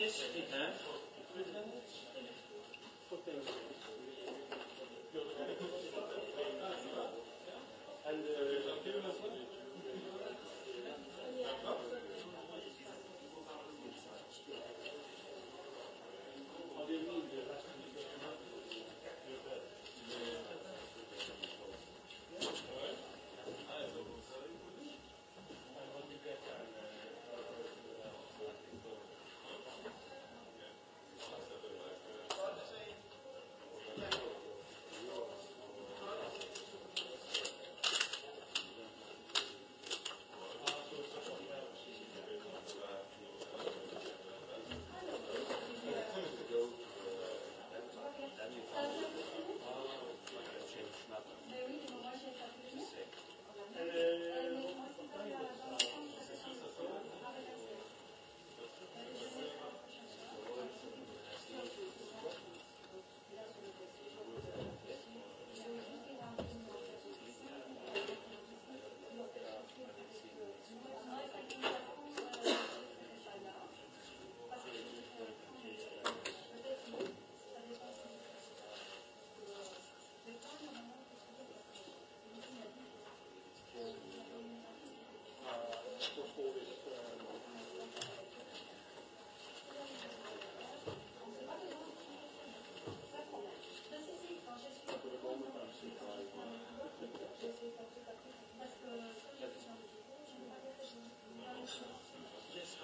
Yes, we have. And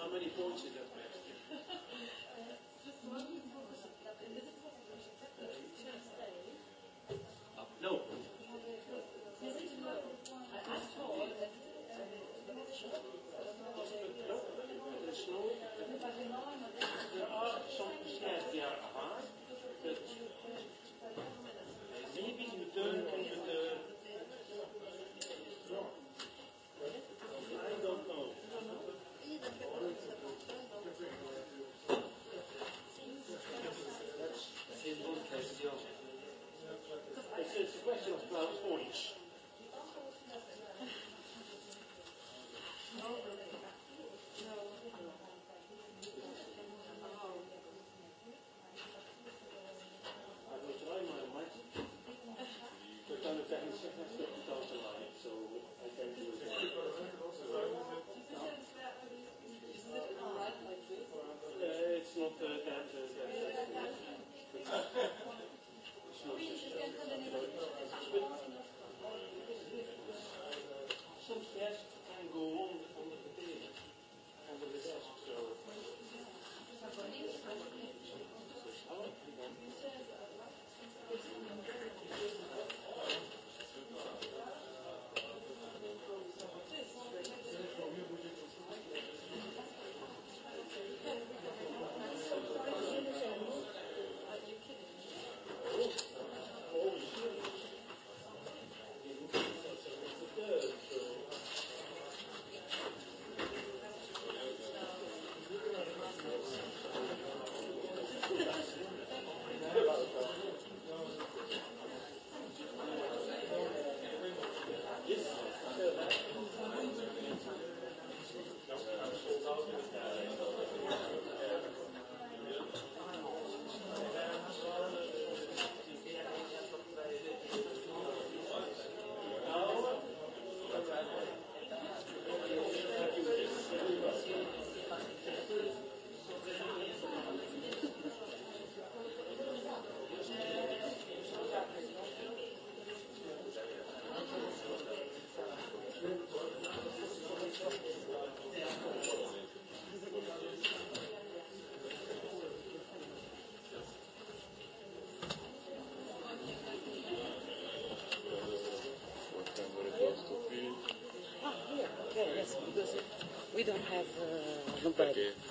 how many points is that? Not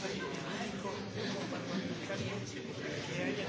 que haya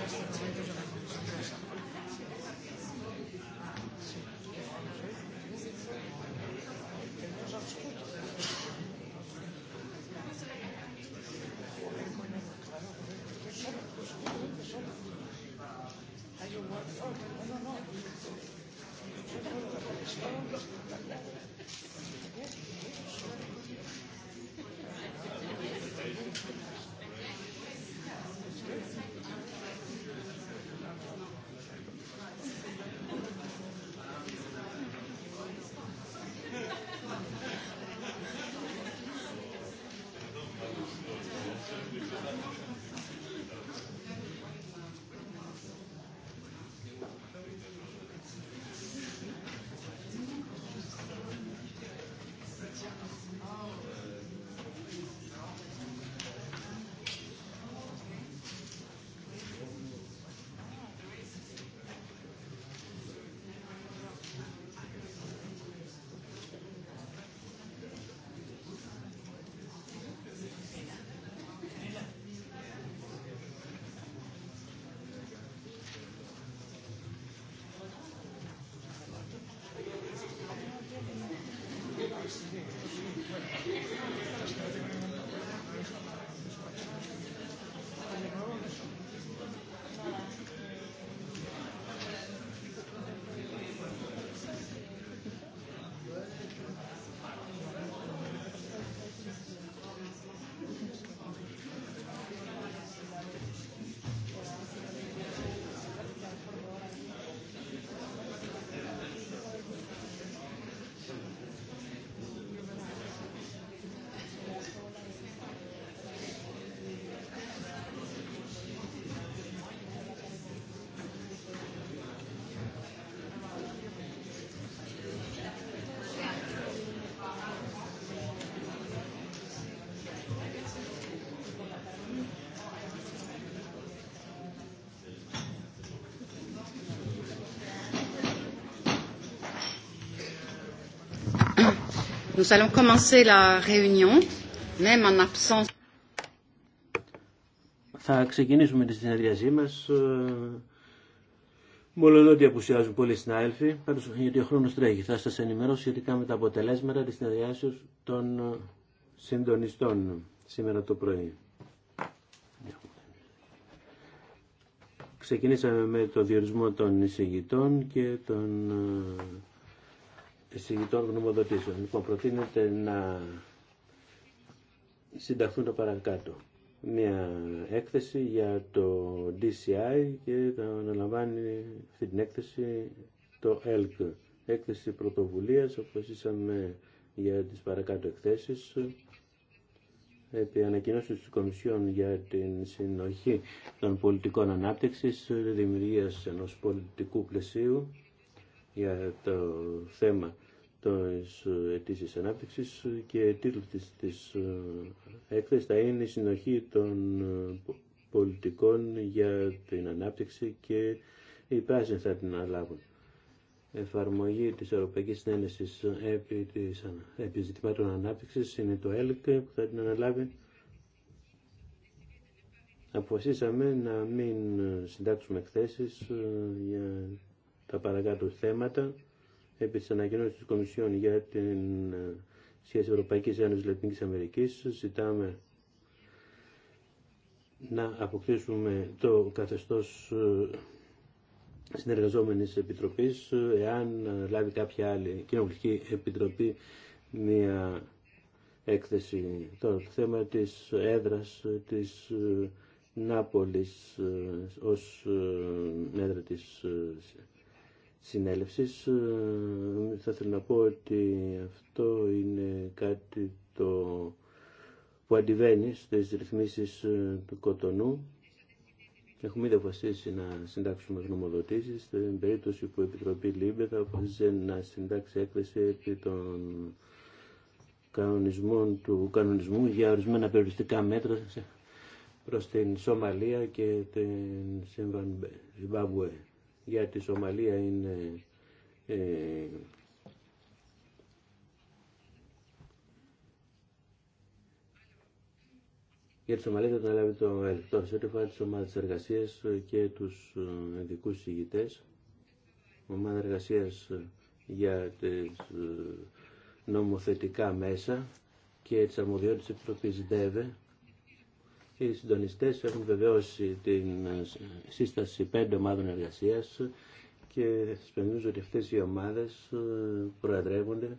Θα ξεκινήσουμε τη συνεδρίασή μα. Ε, Μόλον ότι απουσιάζουν πολλοί συνάδελφοι, πάντω γιατί ο χρόνο τρέχει. Θα σα ενημερώσω σχετικά με τα αποτελέσματα τη συνεδριάσεω των ε, συντονιστών σήμερα το πρωί. Ξεκινήσαμε με το διορισμό των εισηγητών και των ε, εισηγητών γνωμοδοτήσεων. Λοιπόν, προτείνεται να συνταχθούν το παρακάτω. Μια έκθεση για το DCI και θα αναλαμβάνει αυτή την έκθεση το ELK Έκθεση πρωτοβουλίας, όπως είσαμε για τις παρακάτω εκθέσεις, επί ανακοινώσει τη Κομισιόν για την συνοχή των πολιτικών ανάπτυξης, δημιουργίας ενός πολιτικού πλαισίου για το θέμα της αιτήσεις ε, ανάπτυξη και τίτλος της, της ε, έκθεσης θα είναι η συνοχή των ε, πολιτικών για την ανάπτυξη και οι πράσινοι θα την αναλάβουν. Εφαρμογή της Ευρωπαϊκής Συνένεσης επί, της, επί ζητημάτων ανάπτυξης είναι το ΕΛΚ που θα την αναλάβει. Αποφασίσαμε να μην συντάξουμε εκθέσεις για τα παρακάτω θέματα επί τη ανακοινώση τη Κομισιόν για την ε, σχέση Ευρωπαϊκή Ένωση Λατινική Αμερική, ζητάμε να αποκτήσουμε το καθεστώς ε, συνεργαζόμενης επιτροπής εάν λάβει κάποια άλλη κοινοβουλική επιτροπή μια έκθεση το θέμα της έδρας της ε, Νάπολης ως έδρα της συνέλευσης. Ε, θα ήθελα να πω ότι αυτό είναι κάτι το που αντιβαίνει στις ρυθμίσεις ε, του Κοτονού. Έχουμε ήδη αποφασίσει να συντάξουμε γνωμοδοτήσει. Στην περίπτωση που η Επιτροπή Λίμπε θα αποφασίσει να συντάξει έκθεση επί των κανονισμών του κανονισμού για ορισμένα περιοριστικά μέτρα προς την Σομαλία και την Ζιμπάμπουε για τη Σομαλία είναι ε, για τη Σομαλία θα το αναλάβει το ΕΛΤΟ σε ό,τι αφορά τις ομάδες εργασίας και τους ε, ειδικού ηγητές ομάδα εργασίας για τις ε, νομοθετικά μέσα και τις αρμοδιότητες της Επιτροπής ΔΕΒΕ οι συντονιστές έχουν βεβαίωσει την ε, σύσταση πέντε ομάδων εργασίας και σας ότι αυτές οι ομάδες ε, προεδρεύονται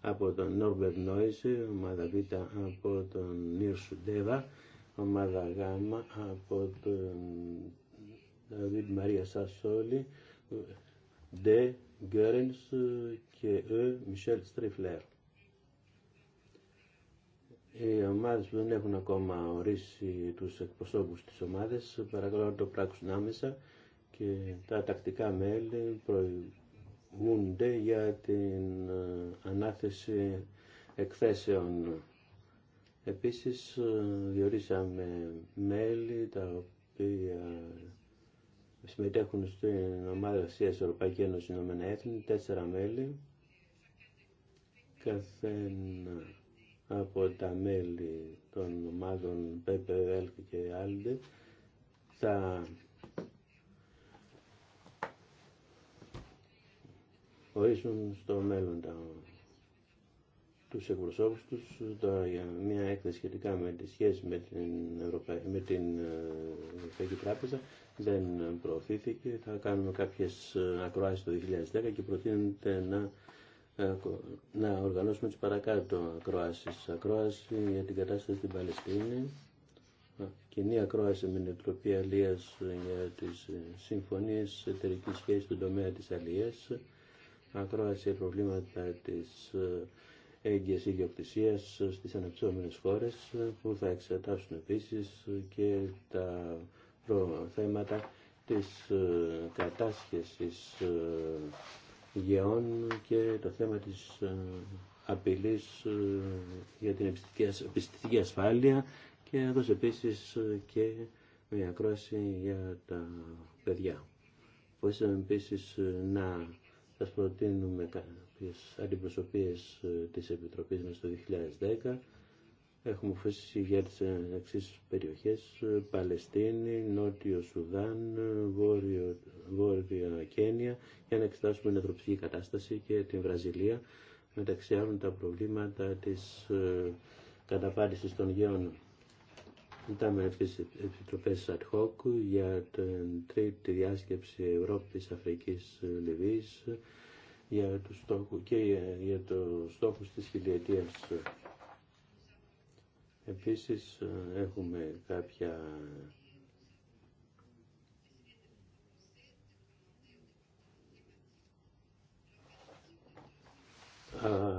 από τον Νόρμπερ Νόιση, ομάδα Β από τον Νίρ Σουντέβα, ομάδα Γ από τον Δαβίδ Μαρία Σασόλη, Ντε Γκέρενς και Ε Μισελ Στριφλέρ. Οι ομάδε που δεν έχουν ακόμα ορίσει τους εκπροσώπου της ομάδα. παρακαλώ να το πράξουν άμεσα και τα τακτικά μέλη προηγούνται για την ε, ανάθεση εκθέσεων. Επίσης ε, διορίσαμε μέλη τα οποία συμμετέχουν στην ομάδα Ασία Ευρωπαϊκή Ένωση Ηνωμένα Έθνη, τέσσερα μέλη. Καθένα από τα μέλη των ομάδων ΠΕΠΕ, και ΑΛΔΕ θα ορίσουν στο μέλλον τα, τους εκπροσώπους τους τώρα για μια έκθεση σχετικά με τη σχέση με την, Ευρωπαϊκή με την ε, Ευρωπαϊκή Τράπεζα δεν προωθήθηκε. Θα κάνουμε κάποιες ε, ακροάσεις το 2010 και προτείνεται να ε, να οργανώσουμε τις παρακάτω ακροάσεις. Ακρόαση για την κατάσταση στην Παλαιστίνη, κοινή ακρόαση με την Επιτροπή Αλίας για τις ε, συμφωνίες εταιρικής σχέσης στον τομέα της Αλίας, ακρόαση για προβλήματα της ε, έγκυας ιδιοκτησίας στις αναπτυσσόμενες χώρες που θα εξετάσουν επίσης και τα θέματα της κατάσχεσης γεών και το θέμα της ε, απειλής ε, για την επιστημική ασφάλεια και έδωσε επίσης ε, και μια ακρόαση για τα παιδιά. Μπορούσαμε επίσης να σας προτείνουμε κάποιες αντιπροσωπείες της Επιτροπής μας το 2010 Έχουμε φέσει για τις εξή περιοχές, Παλαιστίνη, Νότιο Σουδάν, Βόρειο, Βόρεια Κένια, για να εξετάσουμε την ανθρωπιστική κατάσταση και την Βραζιλία, μεταξύ άλλων τα προβλήματα της ε, καταπάτησης των γεών. με αυτές τις επιτροπές ad hoc για την τρίτη διάσκεψη Ευρώπης, Αφρικής, Λιβύης για τους και για, το στόχου της Επίσης ε, έχουμε κάποια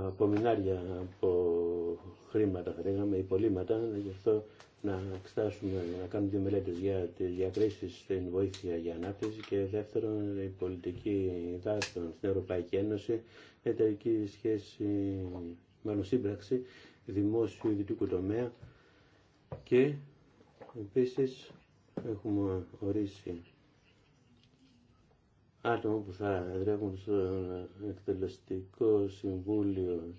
απομεινάρια από χρήματα θα λέγαμε, υπολείμματα, γι' αυτό να εξετάσουμε, να κάνουμε δύο μελέτες για τις διακρίσεις στην βοήθεια για ανάπτυξη και δεύτερον η πολιτική δάστον στην Ευρωπαϊκή Ένωση, εταιρική σχέση, μάλλον σύμπραξη δημόσιο ιδιωτικού τομέα και επίσης έχουμε ορίσει άτομα που θα εδρεύουν στο εκτελεστικό συμβούλιο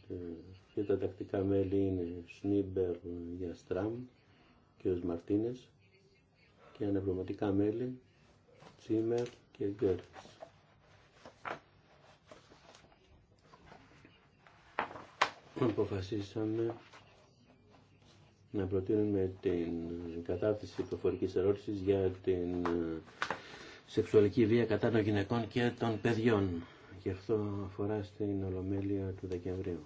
και τα τακτικά μέλη είναι Σνίμπερ για Στραμ και ο Μαρτίνες και αναπληρωματικά μέλη Τσίμερ και Γκέρτς. αποφασίσαμε να προτείνουμε την κατάρτιση προφορική ερώτηση για την ε, σεξουαλική βία κατά των γυναικών και των παιδιών. Και αυτό αφορά στην Ολομέλεια του Δεκεμβρίου.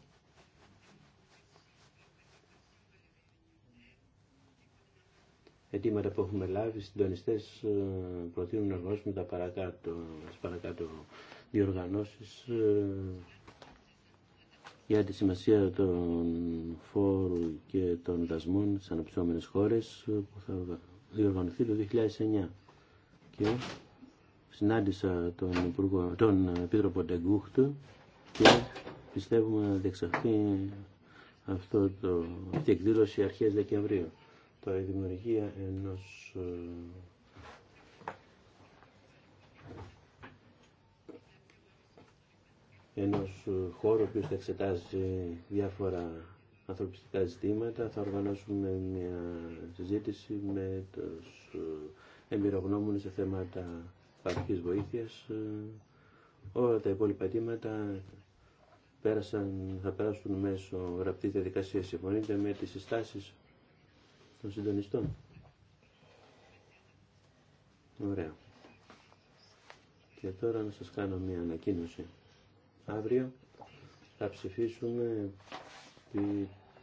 Αιτήματα που έχουμε λάβει, οι συντονιστές ε, προτείνουν να γνώσουμε τα παρακάτω, τις παρακάτω διοργανώσεις ε, για τη σημασία των φόρων και των δασμών στις αναπτυσσόμενες χώρες που θα διοργανωθεί το 2009. Και συνάντησα τον, Υπουργό, τον Επίτροπο Ντεγκούχτ και πιστεύουμε να διεξαχθεί αυτό το, αυτή η εκδήλωση αρχές Δεκεμβρίου. Το η δημιουργία ενός ε, ενός ε, χώρου που θα εξετάζει διάφορα ανθρωπιστικά ζητήματα. Θα οργανώσουμε μια συζήτηση με τους ε, εμπειρογνώμονες σε θέματα παροχής βοήθεια. Ε, όλα τα υπόλοιπα αιτήματα πέρασαν, θα περάσουν μέσω γραπτή διαδικασία. Συμφωνείτε με τις συστάσεις των συντονιστών. Ωραία. Και τώρα να σας κάνω μια ανακοίνωση. Αύριο θα ψηφίσουμε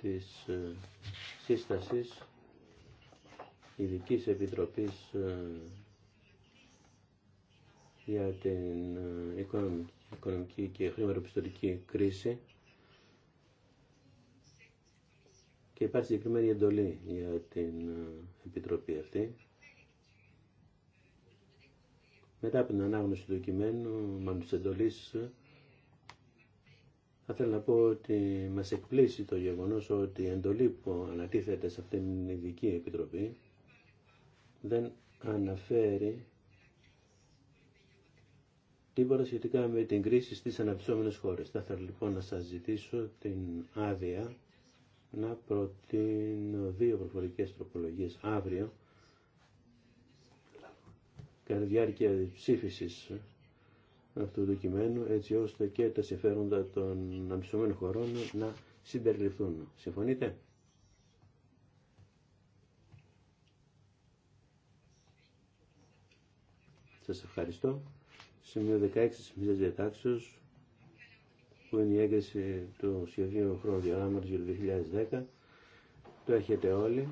της ε, σύστασης ειδική Επιτροπής ε, για την ε, οικονομική και χρηματοπιστωτική κρίση και υπάρχει συγκεκριμένη εντολή για την Επιτροπή αυτή. Μετά από την ανάγνωση του κειμένου, μάλλον εντολής, θα ήθελα να πω ότι μας εκπλήσει το γεγονός ότι η εντολή που ανατίθεται σε αυτήν την ειδική επιτροπή δεν αναφέρει τίποτα σχετικά με την κρίση στις αναπτυσσόμενες χώρες. Θα ήθελα λοιπόν να σας ζητήσω την άδεια να προτείνω δύο προφορικές τροπολογίες αύριο κατά τη διάρκεια ψήφισης αυτού του κειμένου έτσι ώστε και τα συμφέροντα των αμφισωμένων χωρών να συμπεριληφθούν. Συμφωνείτε? Σας ευχαριστώ. Σημείο 16 της Διατάξεως που είναι η έγκριση του σχεδίου χρονοδιαγράμματος για το 2010. Το έχετε όλοι.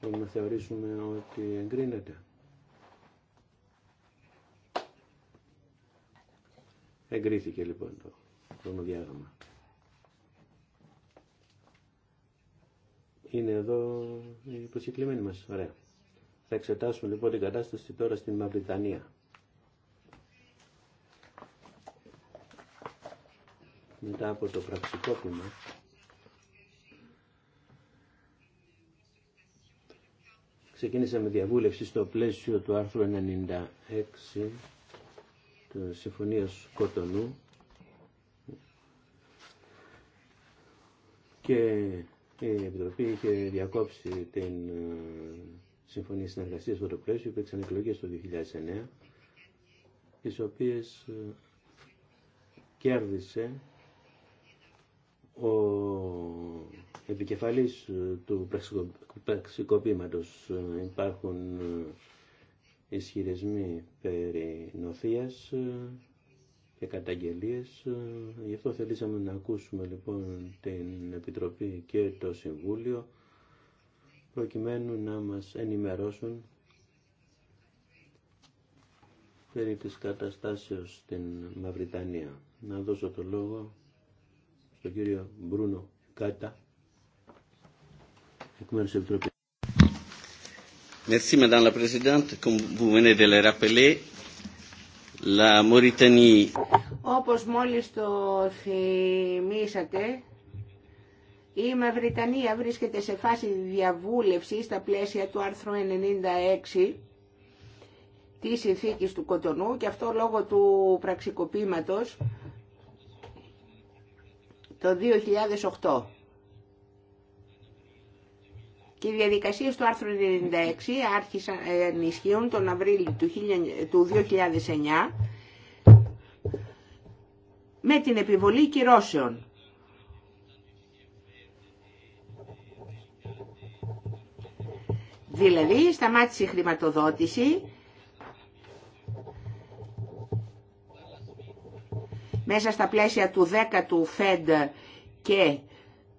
θα να θεωρήσουμε ότι εγκρίνεται. Εγκρίθηκε λοιπόν το χρονοδιάγραμμα. Είναι εδώ η προσκεκλημένη μας. Ωραία. Θα εξετάσουμε λοιπόν την κατάσταση τώρα στην Μαυριτανία. Μετά από το πραξικόπημα ξεκίνησαμε διαβούλευση στο πλαίσιο του άρθρου 96 Συμφωνίας Κοτονού και η Επιτροπή είχε διακόψει την ε, Συμφωνία Συνεργασίας στο το πλαίσιο, υπήρξαν εκλογές το 2009, τις οποίες ε, κέρδισε ο επικεφαλής ε, του πραξικοπήματος. Υπάρχουν ισχυρισμοί περί νοθείας ε, και καταγγελίες. Ε, γι' αυτό θελήσαμε να ακούσουμε λοιπόν την Επιτροπή και το Συμβούλιο προκειμένου να μας ενημερώσουν περί της καταστάσεως στην Μαυριτανία. Να δώσω το λόγο στον κύριο Μπρούνο Κάτα, εκ μέρους Επιτροπής. Merci Madame la Présidente. Comme vous venez de le rappeler, la Mauritanie... Όπως μόλις το θυμήσατε, η Μαυριτανία βρίσκεται σε φάση διαβούλευση στα πλαίσια του άρθρου 96 της συνθήκης του Κοτονού και αυτό λόγω του πραξικοπήματος το 2008 και οι διαδικασίε του άρθρου 96 άρχισαν, ε, ενισχύουν τον Απρίλιο του 2009 με την επιβολή κυρώσεων. Δηλαδή σταμάτησε η χρηματοδότηση μέσα στα πλαίσια του 10ου ΦΕΔ και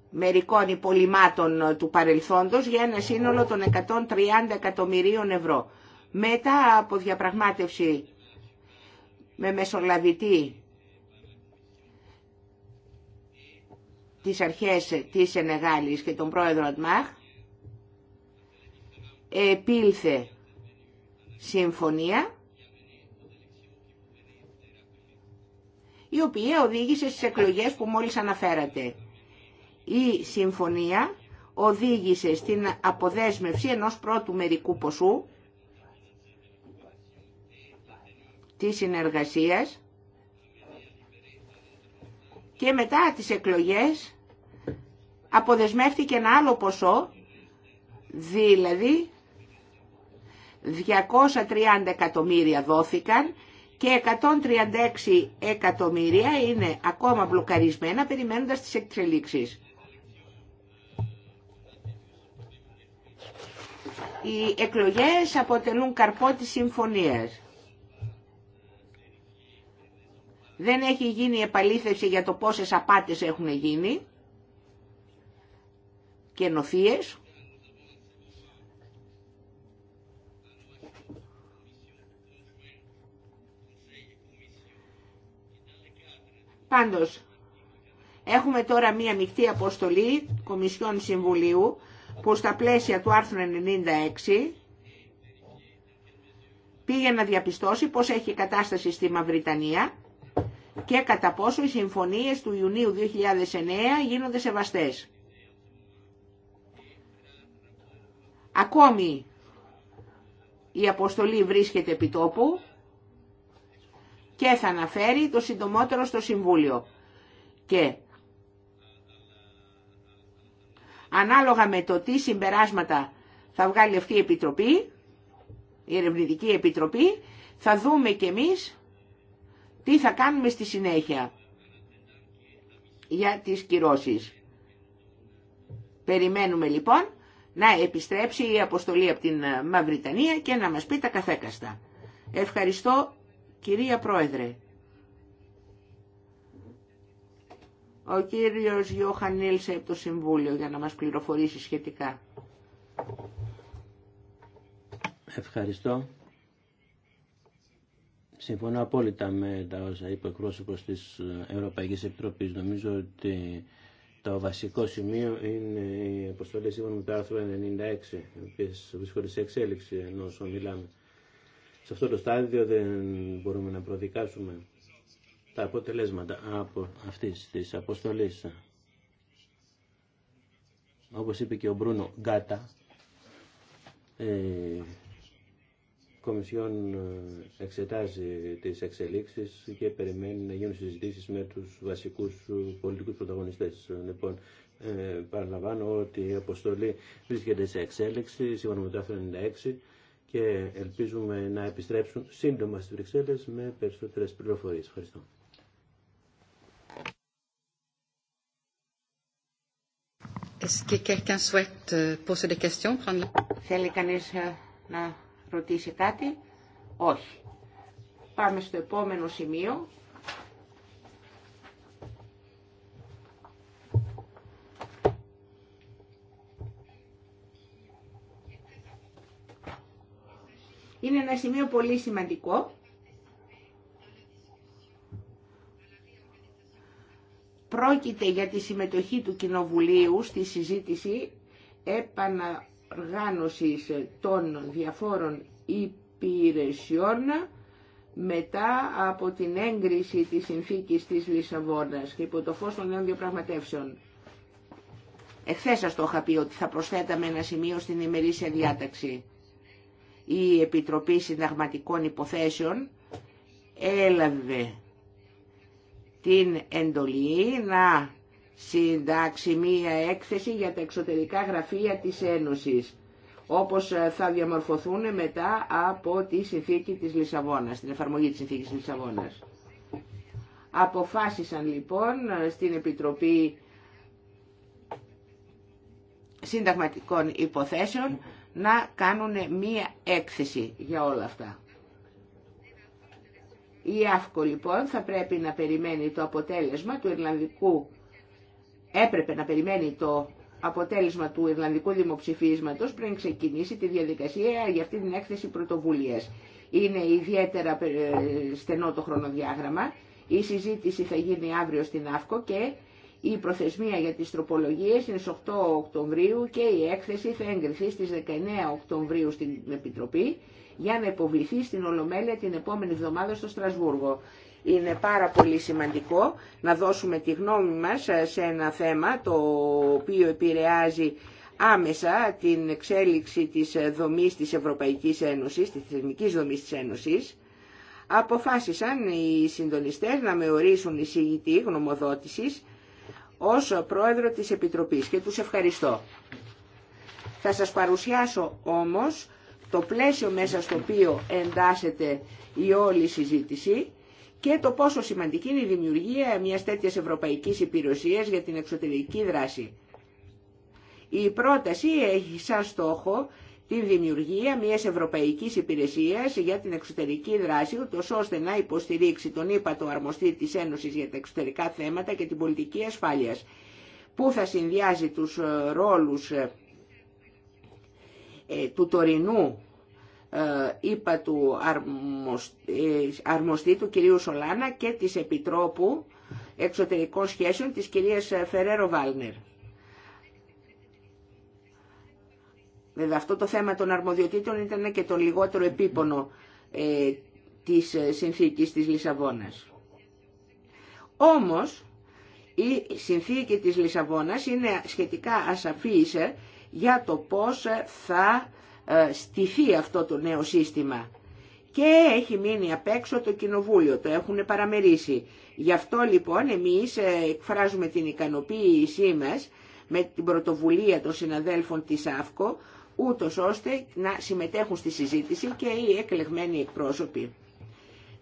μερικών υπολοιμάτων του παρελθόντος για ένα σύνολο των 130 εκατομμυρίων ευρώ. Μετά από διαπραγμάτευση με μεσολαβητή τις αρχές της Ενεγάλης και τον πρόεδρο Ατμάχ, επήλθε συμφωνία η οποία οδήγησε στις εκλογές που μόλις αναφέρατε. Η συμφωνία οδήγησε στην αποδέσμευση ενός πρώτου μερικού ποσού της συνεργασίας και μετά τις εκλογές αποδεσμεύτηκε ένα άλλο ποσό, δηλαδή 230 εκατομμύρια δόθηκαν και 136 εκατομμύρια είναι ακόμα μπλοκαρισμένα περιμένοντας τις εξελίξεις. Οι εκλογές αποτελούν καρπό της συμφωνίας. Δεν έχει γίνει επαλήθευση για το πόσες απάτες έχουν γίνει και νοφίες. Πάντως, έχουμε τώρα μία μεικτή αποστολή Κομισιόν Συμβουλίου που στα πλαίσια του άρθρου 96 πήγε να διαπιστώσει πώς έχει κατάσταση στη Μαυριτανία και κατά πόσο οι συμφωνίες του Ιουνίου 2009 γίνονται σεβαστές. Ακόμη η αποστολή βρίσκεται επί τόπου και θα αναφέρει το συντομότερο στο Συμβούλιο. Και ανάλογα με το τι συμπεράσματα θα βγάλει αυτή η Επιτροπή, η Ερευνητική Επιτροπή, θα δούμε και εμείς τι θα κάνουμε στη συνέχεια για τις κυρώσεις. Περιμένουμε λοιπόν να επιστρέψει η αποστολή από την Μαυριτανία και να μας πει τα καθέκαστα. Ευχαριστώ κυρία Πρόεδρε. Ο κύριος Γιώχαν Νίλσε από το Συμβούλιο για να μας πληροφορήσει σχετικά. Ευχαριστώ. Συμφωνώ απόλυτα με τα όσα είπε ο εκπρόσωπο τη Ευρωπαϊκή Επιτροπή. Νομίζω ότι το βασικό σημείο είναι οι αποστολή σύμφωνα με το άρθρο 96, οι οποίε βρίσκονται σε εξέλιξη ενώ όσο μιλάμε. Σε αυτό το στάδιο δεν μπορούμε να προδικάσουμε τα αποτελέσματα από αυτή της αποστολής. Όπως είπε και ο Μπρούνο Γκάτα, η ε, Κομισιόν ε, εξετάζει τις εξελίξεις και περιμένει να γίνουν συζητήσεις με τους βασικούς ε, πολιτικούς πρωταγωνιστές. Λοιπόν, ε, παραλαμβάνω ότι η αποστολή βρίσκεται σε εξέλιξη, σύμφωνα με το 96, και ελπίζουμε να επιστρέψουν σύντομα στις Βρυξέλλες με περισσότερες πληροφορίες. Ευχαριστώ. Euh, Θέλει κανείς ε, να ρωτήσει κάτι. Όχι. Πάμε στο επόμενο σημείο. Είναι ένα σημείο πολύ σημαντικό. πρόκειται για τη συμμετοχή του Κοινοβουλίου στη συζήτηση επαναργάνωσης των διαφόρων υπηρεσιών μετά από την έγκριση της συνθήκης της Λισαβόνας και υπό το φως των νέων διαπραγματεύσεων. Εχθές σας το είχα πει ότι θα προσθέταμε ένα σημείο στην ημερήσια διάταξη. Η Επιτροπή Συνταγματικών Υποθέσεων έλαβε την εντολή να συντάξει μία έκθεση για τα εξωτερικά γραφεία της Ένωσης, όπως ε, θα διαμορφωθούν μετά από τη συνθήκη της Λισαβόνας, την εφαρμογή της συνθήκης της Λισαβόνας. Αποφάσισαν λοιπόν ε, στην Επιτροπή Συνταγματικών Υποθέσεων να κάνουν μία έκθεση για όλα αυτά. Η ΑΦΚΟ λοιπόν θα πρέπει να περιμένει το αποτέλεσμα του Ιρλανδικού, έπρεπε να περιμένει το αποτέλεσμα του Ιρλανδικού δημοψηφίσματος πριν ξεκινήσει τη διαδικασία για αυτή την έκθεση πρωτοβουλία. Είναι ιδιαίτερα ε, στενό το χρονοδιάγραμμα. Η συζήτηση θα γίνει αύριο στην ΑΦΚΟ και η προθεσμία για τις τροπολογίες είναι στις 8 Οκτωβρίου και η έκθεση θα εγκριθεί στις 19 Οκτωβρίου στην Επιτροπή για να υποβληθεί στην Ολομέλεια την επόμενη εβδομάδα στο Στρασβούργο. Είναι πάρα πολύ σημαντικό να δώσουμε τη γνώμη μας σε ένα θέμα το οποίο επηρεάζει άμεσα την εξέλιξη της δομής της Ευρωπαϊκής Ένωσης, της Εθνικής δομής της Ένωσης, αποφάσισαν οι συντονιστές να με ορίσουν εισηγητή γνωμοδότησης ως πρόεδρο της Επιτροπής και τους ευχαριστώ. Θα σας παρουσιάσω όμως το πλαίσιο μέσα στο οποίο εντάσσεται η όλη συζήτηση και το πόσο σημαντική είναι η δημιουργία μιας τέτοιας ευρωπαϊκής υπηρεσίας για την εξωτερική δράση. Η πρόταση έχει σαν στόχο τη δημιουργία μιας ευρωπαϊκής υπηρεσίας για την εξωτερική δράση, ούτως ώστε να υποστηρίξει τον ύπατο αρμοστή της Ένωσης για τα εξωτερικά θέματα και την πολιτική ασφάλειας, που θα συνδυάζει τους ε, ρόλους ε, ε, του τωρινού ε, είπα του ε, αρμοστή του κυρίου Σολάνα και της Επιτρόπου Εξωτερικών Σχέσεων της κυρίας Φερέρο Βάλνερ. Βέβαια αυτό το θέμα των αρμοδιοτήτων ήταν και το λιγότερο επίπονο ε, της συνθήκης της Λισαβόνας. Όμως η συνθήκη της Λισαβόνας είναι σχετικά ασαφής για το πώς θα ε, στηθεί αυτό το νέο σύστημα. Και έχει μείνει απ' έξω το κοινοβούλιο, το έχουν παραμερίσει. Γι' αυτό λοιπόν εμείς ε, εκφράζουμε την ικανοποίησή μας με την πρωτοβουλία των συναδέλφων της ΑΦΚΟ, ούτως ώστε να συμμετέχουν στη συζήτηση και οι εκλεγμένοι εκπρόσωποι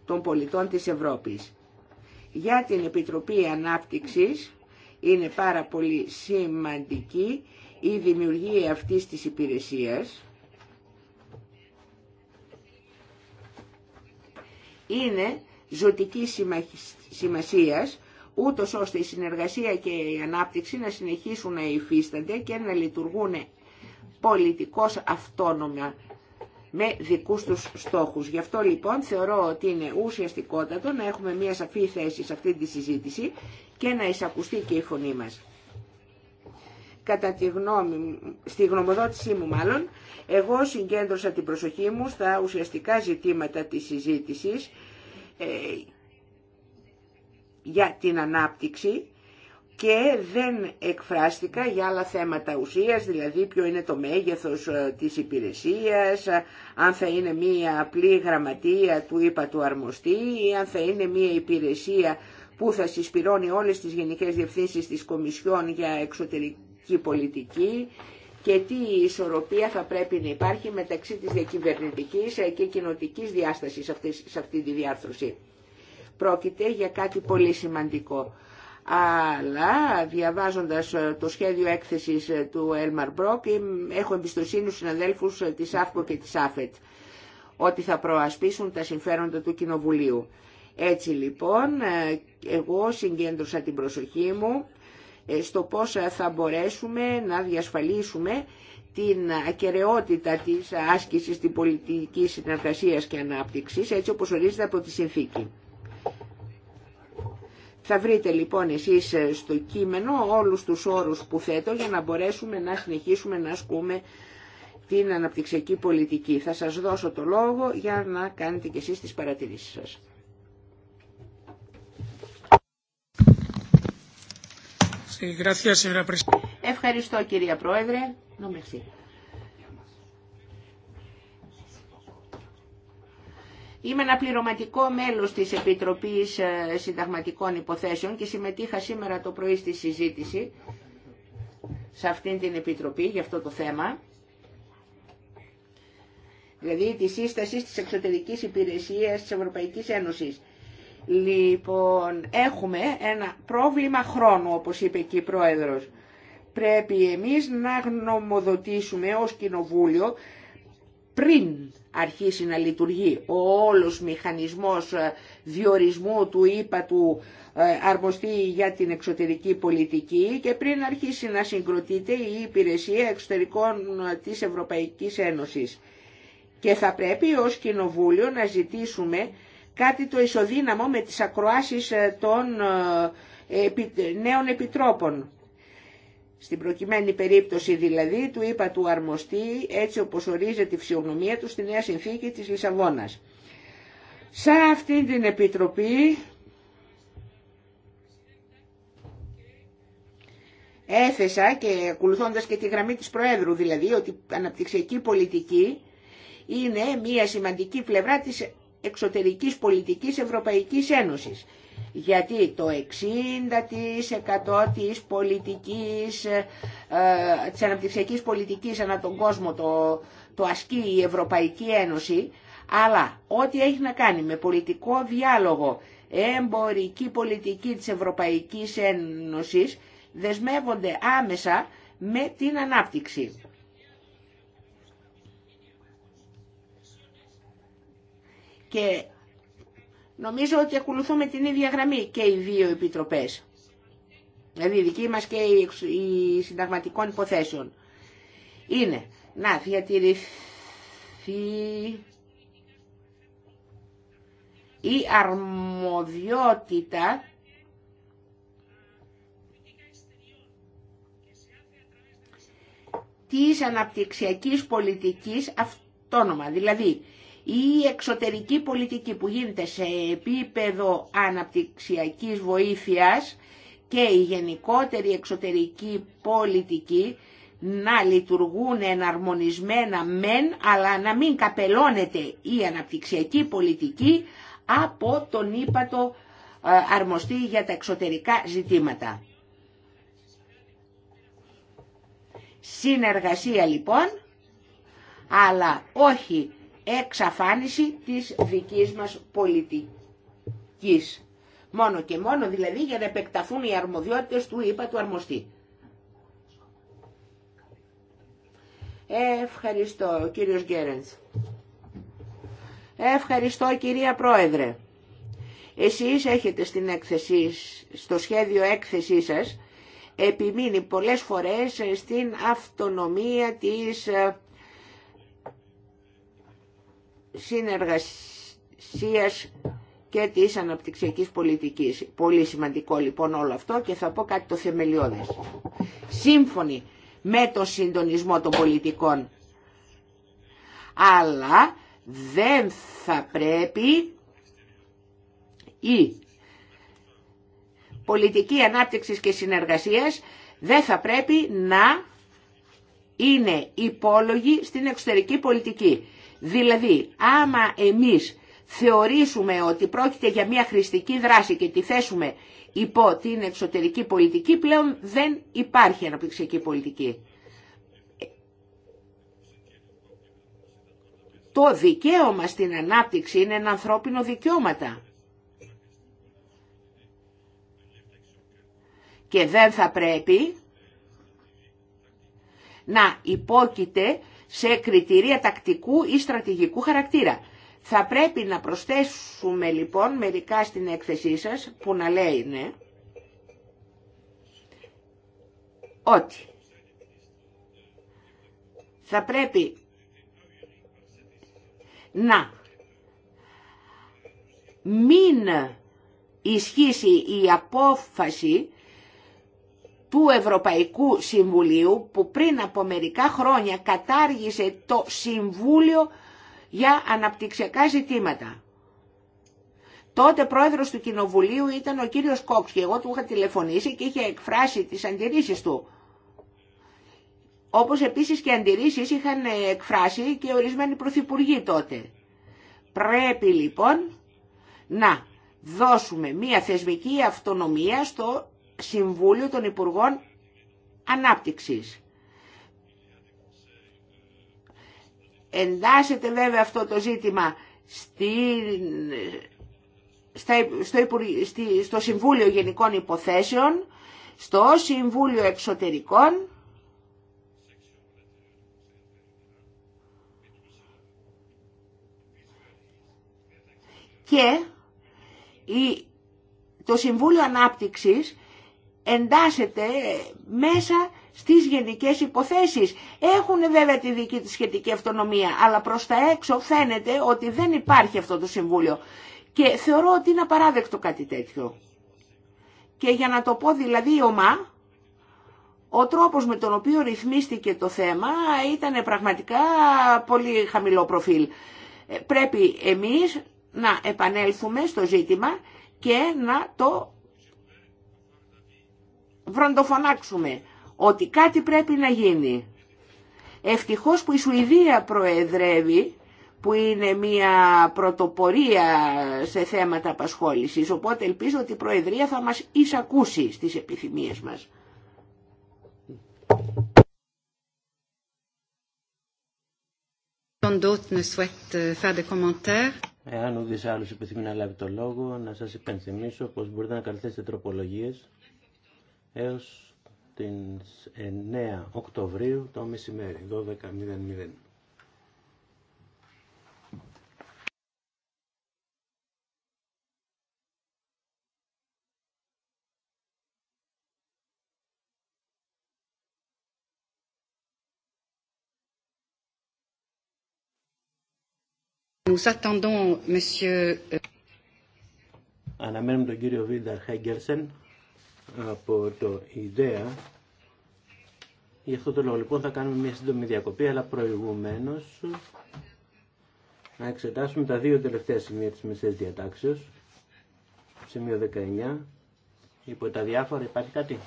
των πολιτών της Ευρώπης. Για την Επιτροπή Ανάπτυξης είναι πάρα πολύ σημαντική η δημιουργία αυτής της υπηρεσίας είναι ζωτική σημασίας ούτως ώστε η συνεργασία και η ανάπτυξη να συνεχίσουν να υφίστανται και να λειτουργούν πολιτικώς αυτόνομα με δικούς τους στόχους. Γι' αυτό λοιπόν θεωρώ ότι είναι ουσιαστικότατο να έχουμε μια σαφή θέση σε αυτή τη συζήτηση και να εισακουστεί και η φωνή μας κατά τη γνώμη, στη γνωμοδότησή μου μάλλον, εγώ συγκέντρωσα την προσοχή μου στα ουσιαστικά ζητήματα της συζήτησης ε, για την ανάπτυξη και δεν εκφράστηκα για άλλα θέματα ουσίας, δηλαδή ποιο είναι το μέγεθος ε, της υπηρεσίας, ε, αν θα είναι μία απλή γραμματεία του είπα του αρμοστή ή αν θα είναι μία υπηρεσία που θα συσπηρώνει όλες τις γενικές διευθύνσεις της Κομισιόν για εξωτερική πολιτική και τι ισορροπία θα πρέπει να υπάρχει μεταξύ της διακυβερνητικής και κοινοτικής διάστασης σε αυτή τη διάρθρωση. Πρόκειται για κάτι πολύ σημαντικό. Αλλά διαβάζοντας ε, το σχέδιο έκθεσης ε, του Έλμαρ Μπρόκ ε, έχω εμπιστοσύνη στους συναδέλφους της ΑΦΚΟ και της ΑΦΕΤ ότι θα προασπίσουν τα συμφέροντα του Κοινοβουλίου. Έτσι λοιπόν εγώ συγκέντρωσα την προσοχή μου ε, στο πώς θα μπορέσουμε να διασφαλίσουμε την ακεραιότητα της άσκησης της πολιτικής συνεργασίας και ανάπτυξης, έτσι όπως ορίζεται από τη συνθήκη. Θα βρείτε λοιπόν εσείς ε, στο κείμενο όλους τους όρους που θέτω για να μπορέσουμε να συνεχίσουμε να ασκούμε την αναπτυξιακή πολιτική. Θα σας δώσω το λόγο για να κάνετε και εσείς τις παρατηρήσεις σας. Ευχαριστώ κυρία Πρόεδρε. Είμαι ένα πληρωματικό μέλος της Επιτροπής ε, Συνταγματικών Υποθέσεων και συμμετείχα σήμερα το πρωί στη συζήτηση σε αυτήν την Επιτροπή για αυτό το θέμα. Δηλαδή τη σύσταση της εξωτερικής υπηρεσίας της Ευρωπαϊκής Ένωσης. Λοιπόν, έχουμε ένα πρόβλημα χρόνου, όπως είπε και η Πρόεδρος. Πρέπει εμείς να γνωμοδοτήσουμε ως Κοινοβούλιο πριν αρχίσει να λειτουργεί ο όλος μηχανισμός διορισμού του ΙΠΑ του ε, αρμοστή για την εξωτερική πολιτική και πριν αρχίσει να συγκροτείται η υπηρεσία εξωτερικών της Ευρωπαϊκής Ένωσης. Και θα πρέπει ως Κοινοβούλιο να ζητήσουμε κάτι το ισοδύναμο με τις ακροάσεις ε, των ε, νέων επιτρόπων. Στην προκειμένη περίπτωση δηλαδή του είπα του αρμοστή έτσι όπως ορίζεται η φυσιογνωμία του στη Νέα Συνθήκη της Λισαβόνας. Σε αυτήν την επιτροπή έθεσα και ακολουθώντα και τη γραμμή της Προέδρου δηλαδή ότι η αναπτυξιακή πολιτική είναι μια σημαντική πλευρά της εξωτερικής πολιτικής Ευρωπαϊκής Ένωσης. Γιατί το 60% της πολιτικής, ε, της αναπτυξιακής πολιτικής ανά τον κόσμο το, το ασκεί η Ευρωπαϊκή Ένωση, αλλά ό,τι έχει να κάνει με πολιτικό διάλογο, εμπορική πολιτική της Ευρωπαϊκής Ένωσης, δεσμεύονται άμεσα με την ανάπτυξη. Και νομίζω ότι ακολουθούμε την ίδια γραμμή και οι δύο επιτροπές. Δηλαδή η δική μας και οι συνταγματικών υποθέσεων. Είναι να διατηρηθεί η αρμοδιότητα της αναπτυξιακής πολιτικής αυτόνομα. Δηλαδή, η εξωτερική πολιτική που γίνεται σε επίπεδο αναπτυξιακής βοήθειας και η γενικότερη εξωτερική πολιτική να λειτουργούν εναρμονισμένα μεν, αλλά να μην καπελώνεται η αναπτυξιακή πολιτική από τον ύπατο ε, αρμοστή για τα εξωτερικά ζητήματα. Συνεργασία λοιπόν, αλλά όχι εξαφάνιση της δικής μας πολιτικής. Μόνο και μόνο δηλαδή για να επεκταθούν οι αρμοδιότητες του είπα του αρμοστή. Ευχαριστώ κύριος Γκέρενς. Ευχαριστώ κυρία Πρόεδρε. Εσείς έχετε στην έκθεση, στο σχέδιο έκθεσή σας επιμείνει πολλές φορές στην αυτονομία της ε, συνεργασίας και της αναπτυξιακής πολιτικής. Πολύ σημαντικό λοιπόν όλο αυτό και θα πω κάτι το θεμελιώδες. Σύμφωνοι με το συντονισμό των πολιτικών. Αλλά δεν θα πρέπει η πολιτική ανάπτυξη και συνεργασίας δεν θα πρέπει να είναι υπόλογη στην εξωτερική πολιτική. Δηλαδή, άμα εμείς θεωρήσουμε ότι πρόκειται για μια χρηστική δράση και τη θέσουμε υπό την εξωτερική πολιτική, πλέον δεν υπάρχει αναπτυξιακή πολιτική. Το δικαίωμα στην ανάπτυξη είναι ένα ανθρώπινο δικαιώματα. Και δεν θα πρέπει να υπόκειται σε κριτηρία τακτικού ή στρατηγικού χαρακτήρα. Θα πρέπει να προσθέσουμε λοιπόν μερικά στην έκθεσή σας που να λέει ναι, ότι θα πρέπει να μην ισχύσει η απόφαση του Ευρωπαϊκού Συμβουλίου που πριν από μερικά χρόνια κατάργησε το Συμβούλιο για αναπτυξιακά ζητήματα. Τότε πρόεδρος του Κοινοβουλίου ήταν ο κύριος Κόξ και εγώ του είχα τηλεφωνήσει και είχε εκφράσει τις αντιρρήσεις του. Όπως επίσης και αντιρρήσεις είχαν εκφράσει και ορισμένοι πρωθυπουργοί τότε. Πρέπει λοιπόν να δώσουμε μία θεσμική αυτονομία στο Συμβούλιο των Υπουργών Ανάπτυξης. Εντάσσεται βέβαια αυτό το ζήτημα στο Συμβούλιο Γενικών Υποθέσεων, στο Συμβούλιο Εξωτερικών, και το Συμβούλιο Ανάπτυξης εντάσσεται μέσα στις γενικές υποθέσεις. Έχουν βέβαια τη δική της σχετική αυτονομία, αλλά προς τα έξω φαίνεται ότι δεν υπάρχει αυτό το Συμβούλιο. Και θεωρώ ότι είναι απαράδεκτο κάτι τέτοιο. Και για να το πω δηλαδή ομά, ο τρόπος με τον οποίο ρυθμίστηκε το θέμα ήταν πραγματικά πολύ χαμηλό προφίλ. Ε, πρέπει εμείς να επανέλθουμε στο ζήτημα και να το βροντοφωνάξουμε ότι κάτι πρέπει να γίνει. Ευτυχώς που η Σουηδία προεδρεύει, που είναι μια πρωτοπορία σε θέματα απασχόλησης, οπότε ελπίζω ότι η Προεδρία θα μας εισακούσει στις επιθυμίες μας. Euh, Εάν σε άλλους επιθυμεί να λάβει το λόγο, να σας υπενθυμίσω πως μπορείτε να καλυθέσετε τροπολογίες έως την 9 Οκτωβρίου το μεσημέρι, 12.00. Nous attendons, monsieur... Euh, Αναμένουμε τον κύριο Βίλνταρ Χέγκερσεν από το ΙΔΕΑ. Γι' αυτό το λόγο λοιπόν θα κάνουμε μια σύντομη διακοπή, αλλά προηγουμένως να εξετάσουμε τα δύο τελευταία σημεία της μεσαίας διατάξεως. Σημείο 19. Υπό τα διάφορα υπάρχει κάτι.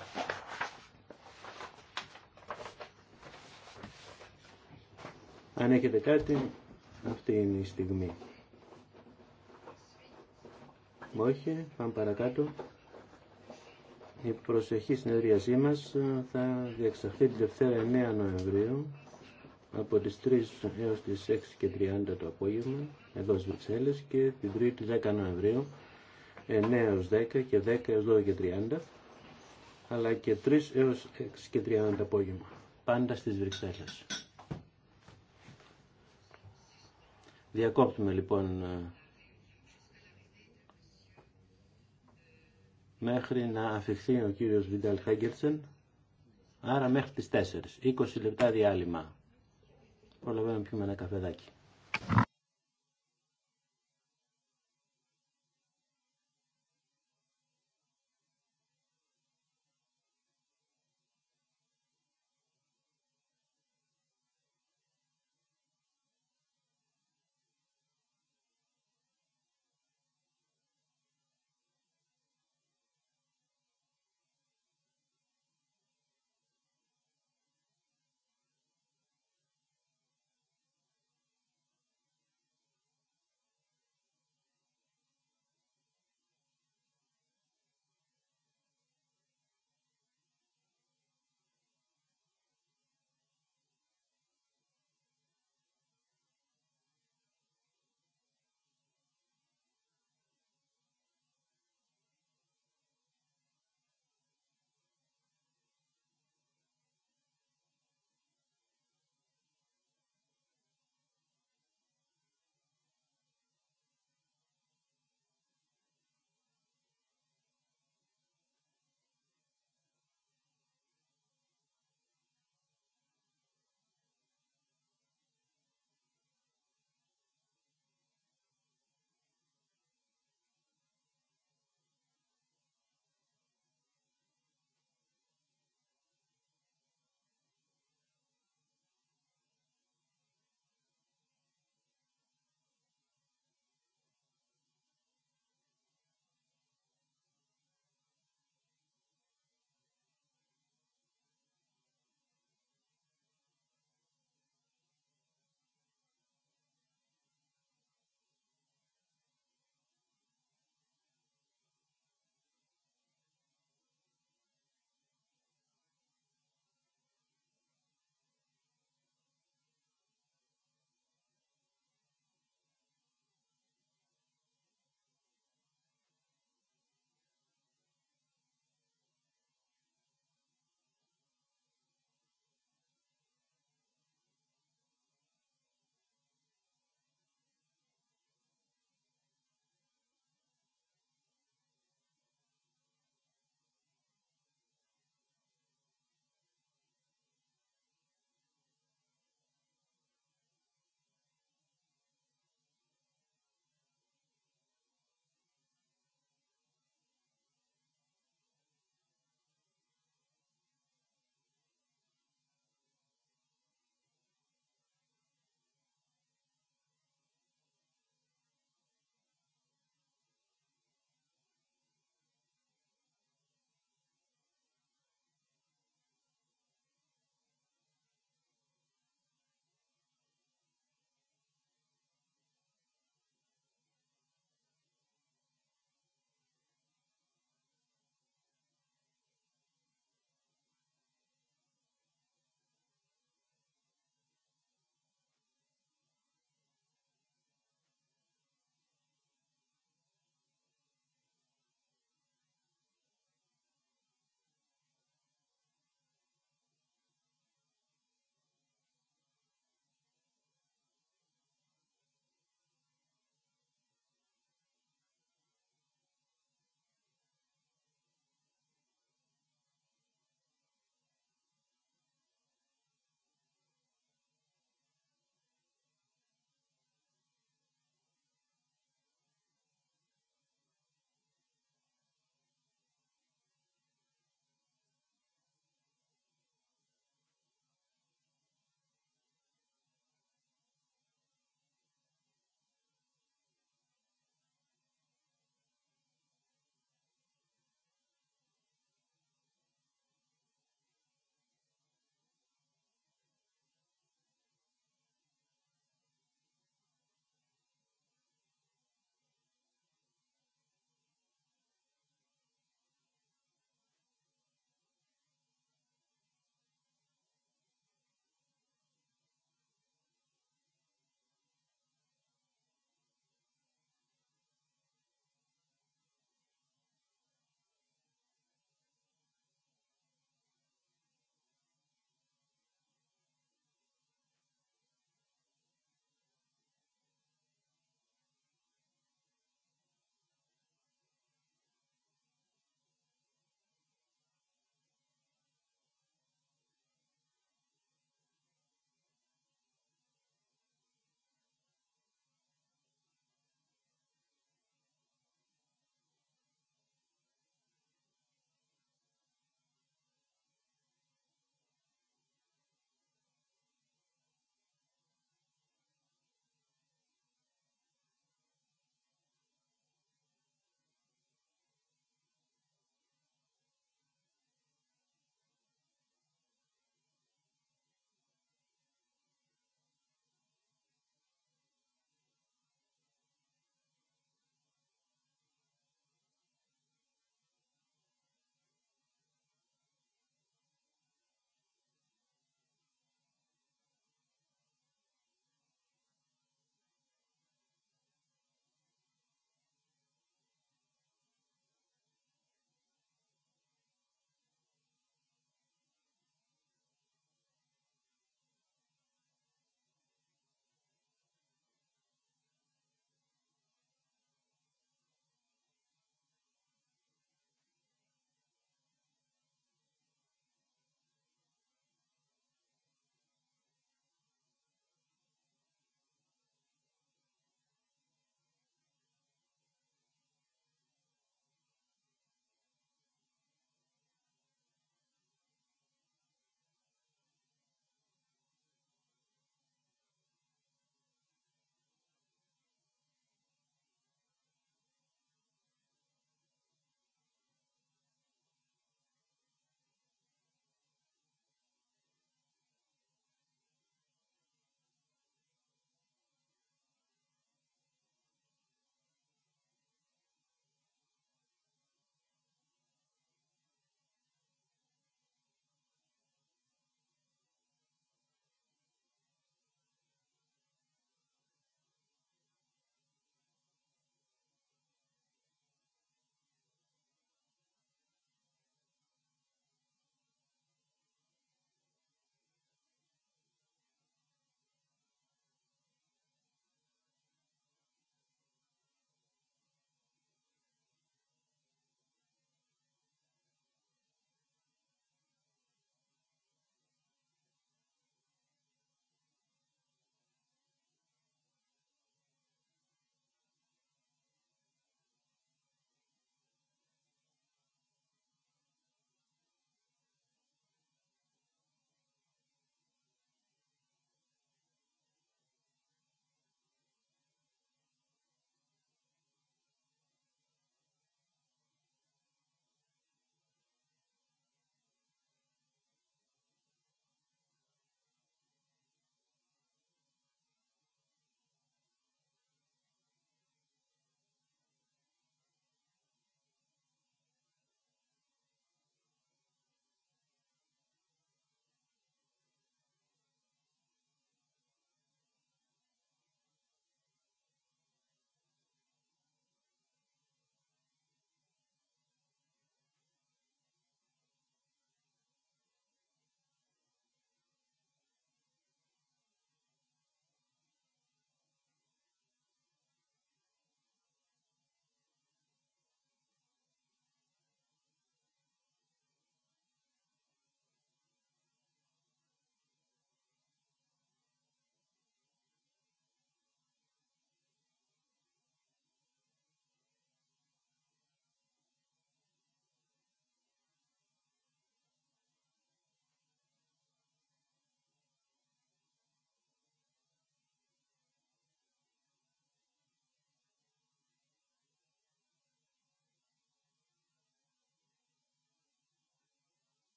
Αν έχετε κάτι, αυτή είναι η στιγμή. Όχι, πάμε παρακάτω. Η προσεχή συνεδρίασή μας ε, θα διεξαχθεί τη Δευτέρα 9 Νοεμβρίου από τις 3 έως τις 30 το απόγευμα εδώ στις Βρυξέλλες και την 3 10 Νοεμβρίου 9 έως 10 και 10 έως 30 αλλά και 3 έως 30 το απόγευμα πάντα στις Βρυξέλλες. Διακόπτουμε λοιπόν ε, μέχρι να αφηχθεί ο κύριος Βιντελ Χέγκερσεν, άρα μέχρι τις 4, 20 λεπτά διάλειμμα. Προλαβαίνουμε να πιούμε ένα καφεδάκι.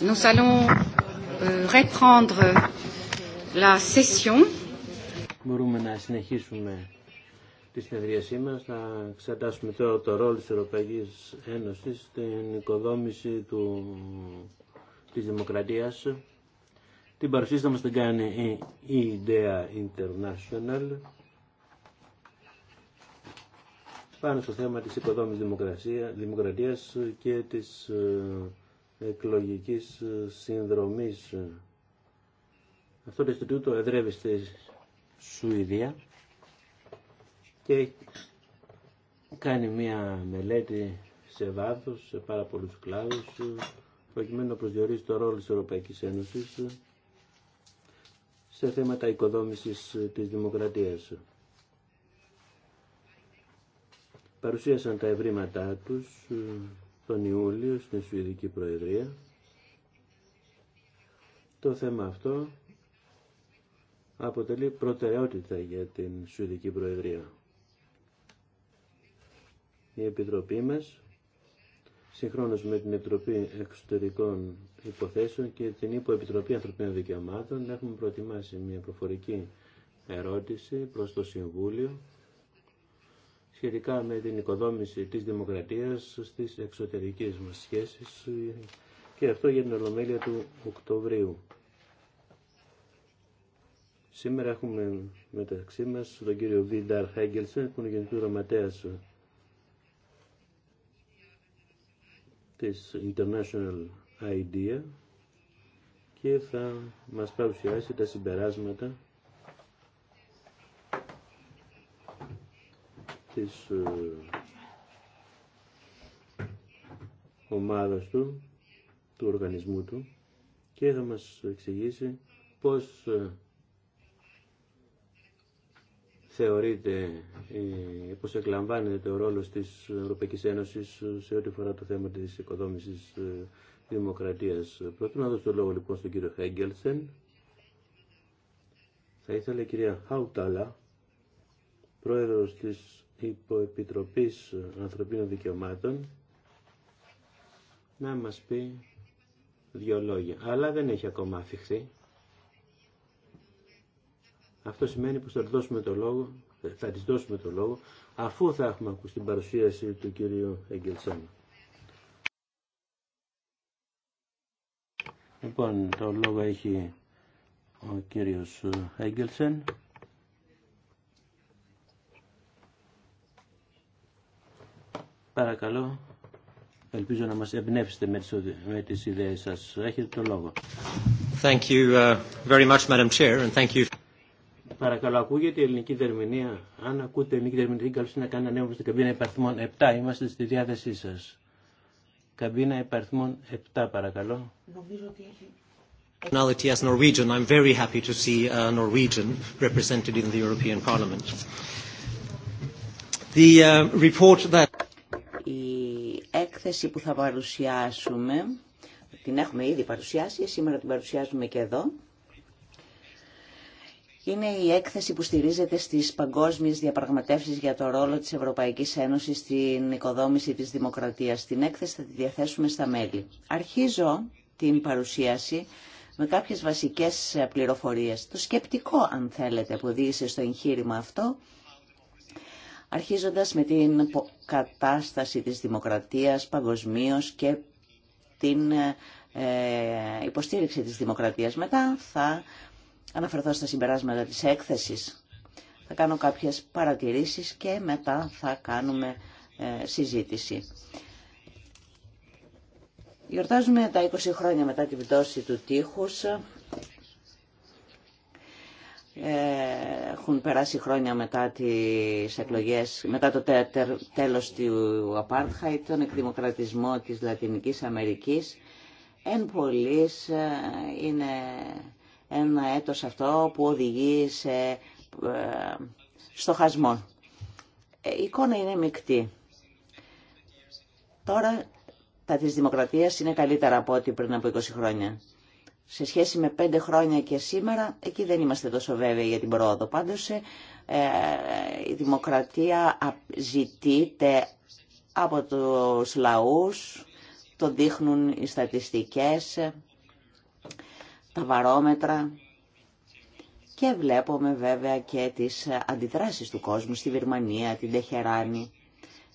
Nous euh, la session. Μπορούμε να συνεχίσουμε τη συνεδρίασή μας, να εξετάσουμε τώρα το ρόλο της Ευρωπαϊκής Ένωσης στην οικοδόμηση του, της δημοκρατίας. Την παρουσίαση μα μας την κάνει η IDEA International πάνω στο θέμα της οικοδόμησης δημοκρατίας και της ε, εκλογικής ε, συνδρομής. Ε, αυτό το Ινστιτούτο εδρεύει στη Σουηδία και κάνει μία μελέτη σε βάθος, σε πάρα πολλούς κλάδους, ε, προκειμένου να προσδιορίσει το ρόλο της Ευρωπαϊκής Ένωσης σε θέματα οικοδόμησης της δημοκρατίας. Παρουσίασαν τα ευρήματά τους τον Ιούλιο στην Σουηδική Προεδρία. Το θέμα αυτό αποτελεί προτεραιότητα για την Σουηδική Προεδρία. Η Επιτροπή μας, συγχρόνως με την Επιτροπή Εξωτερικών Υποθέσεων και την Υποεπιτροπή Ανθρωπίνων Δικαιωμάτων, έχουμε προετοιμάσει μια προφορική ερώτηση προς το Συμβούλιο σχετικά με την οικοδόμηση της δημοκρατίας στις εξωτερικές μας σχέσεις και αυτό για την Ολομέλεια του Οκτωβρίου. Σήμερα έχουμε μεταξύ μας τον κύριο Βίνταρ Χάγκελσεν που είναι γενικού γραμματέας της International Idea και θα μας παρουσιάσει τα συμπεράσματα της ε, ομάδας του, του οργανισμού του και θα μας εξηγήσει πώς ε, θεωρείται, ε, πώς εκλαμβάνεται ο ρόλος της Ευρωπαϊκής Ένωσης σε ό,τι αφορά το θέμα της οικοδόμησης δημοκρατίας. Πρώτον να δώσω το λόγο λοιπόν στον κύριο Χέγγελσεν. Θα ήθελα η κυρία Χαουτάλα, πρόεδρος της Επιτροπής ανθρωπίνων δικαιωμάτων να μας πει δύο λόγια. Αλλά δεν έχει ακόμα αφιχθεί. Αυτό σημαίνει πως θα της δώσουμε το λόγο, θα δώσουμε το λόγο αφού θα έχουμε ακούσει την παρουσίαση του κυρίου Εγγελσόνα. Λοιπόν, το λόγο έχει ο κύριος Έγγελσεν. Παρακαλώ, ελπίζω να μας εμπνεύσετε με τις, με τις ιδέες σας. Έχετε το λόγο. Thank you uh, very much, Madam Chair, and thank you. Παρακαλώ, ακούγεται η ελληνική δερμηνία. Αν ακούτε ελληνική δερμηνία, την είναι να κάνει ανέβουμε στην καμπίνα υπαριθμών 7. Είμαστε στη διάθεσή σας. Καμπίνα υπαριθμών 7, παρακαλώ. Νομίζω ότι έχει... Nationality as Norwegian, I'm very happy to see a Norwegian represented in the European Parliament. The uh, report that έκθεση που θα παρουσιάσουμε, την έχουμε ήδη παρουσιάσει, σήμερα την παρουσιάζουμε και εδώ, είναι η έκθεση που στηρίζεται στις παγκόσμιες διαπραγματεύσεις για το ρόλο της Ευρωπαϊκής Ένωσης στην οικοδόμηση της δημοκρατίας. Την έκθεση θα τη διαθέσουμε στα μέλη. Αρχίζω την παρουσίαση με κάποιες βασικές πληροφορίες. Το σκεπτικό, αν θέλετε, που οδήγησε στο εγχείρημα αυτό αρχίζοντας με την κατάσταση της δημοκρατίας παγκοσμίω και την ε, υποστήριξη της δημοκρατίας. Μετά θα αναφερθώ στα συμπεράσματα της έκθεσης, θα κάνω κάποιες παρατηρήσεις και μετά θα κάνουμε ε, συζήτηση. Γιορτάζουμε τα 20 χρόνια μετά την πτώση του τείχους έχουν περάσει χρόνια μετά τις εκλογές, μετά το τέλος του Η τον εκδημοκρατισμό της Λατινικής Αμερικής. Εν πολλής ε, είναι ένα έτος αυτό που οδηγεί σε ε, στοχασμό. Ε, η εικόνα είναι μεικτή. Τώρα τα της δημοκρατίας είναι καλύτερα από ό,τι πριν από 20 χρόνια σε σχέση με πέντε χρόνια και σήμερα, εκεί δεν είμαστε τόσο βέβαιοι για την πρόοδο. Πάντως, ε, ε, η δημοκρατία ζητείται από τους λαούς, το δείχνουν οι στατιστικές, τα βαρόμετρα και βλέπουμε βέβαια και τις αντιδράσεις του κόσμου στη Βερμανία, την Τεχεράνη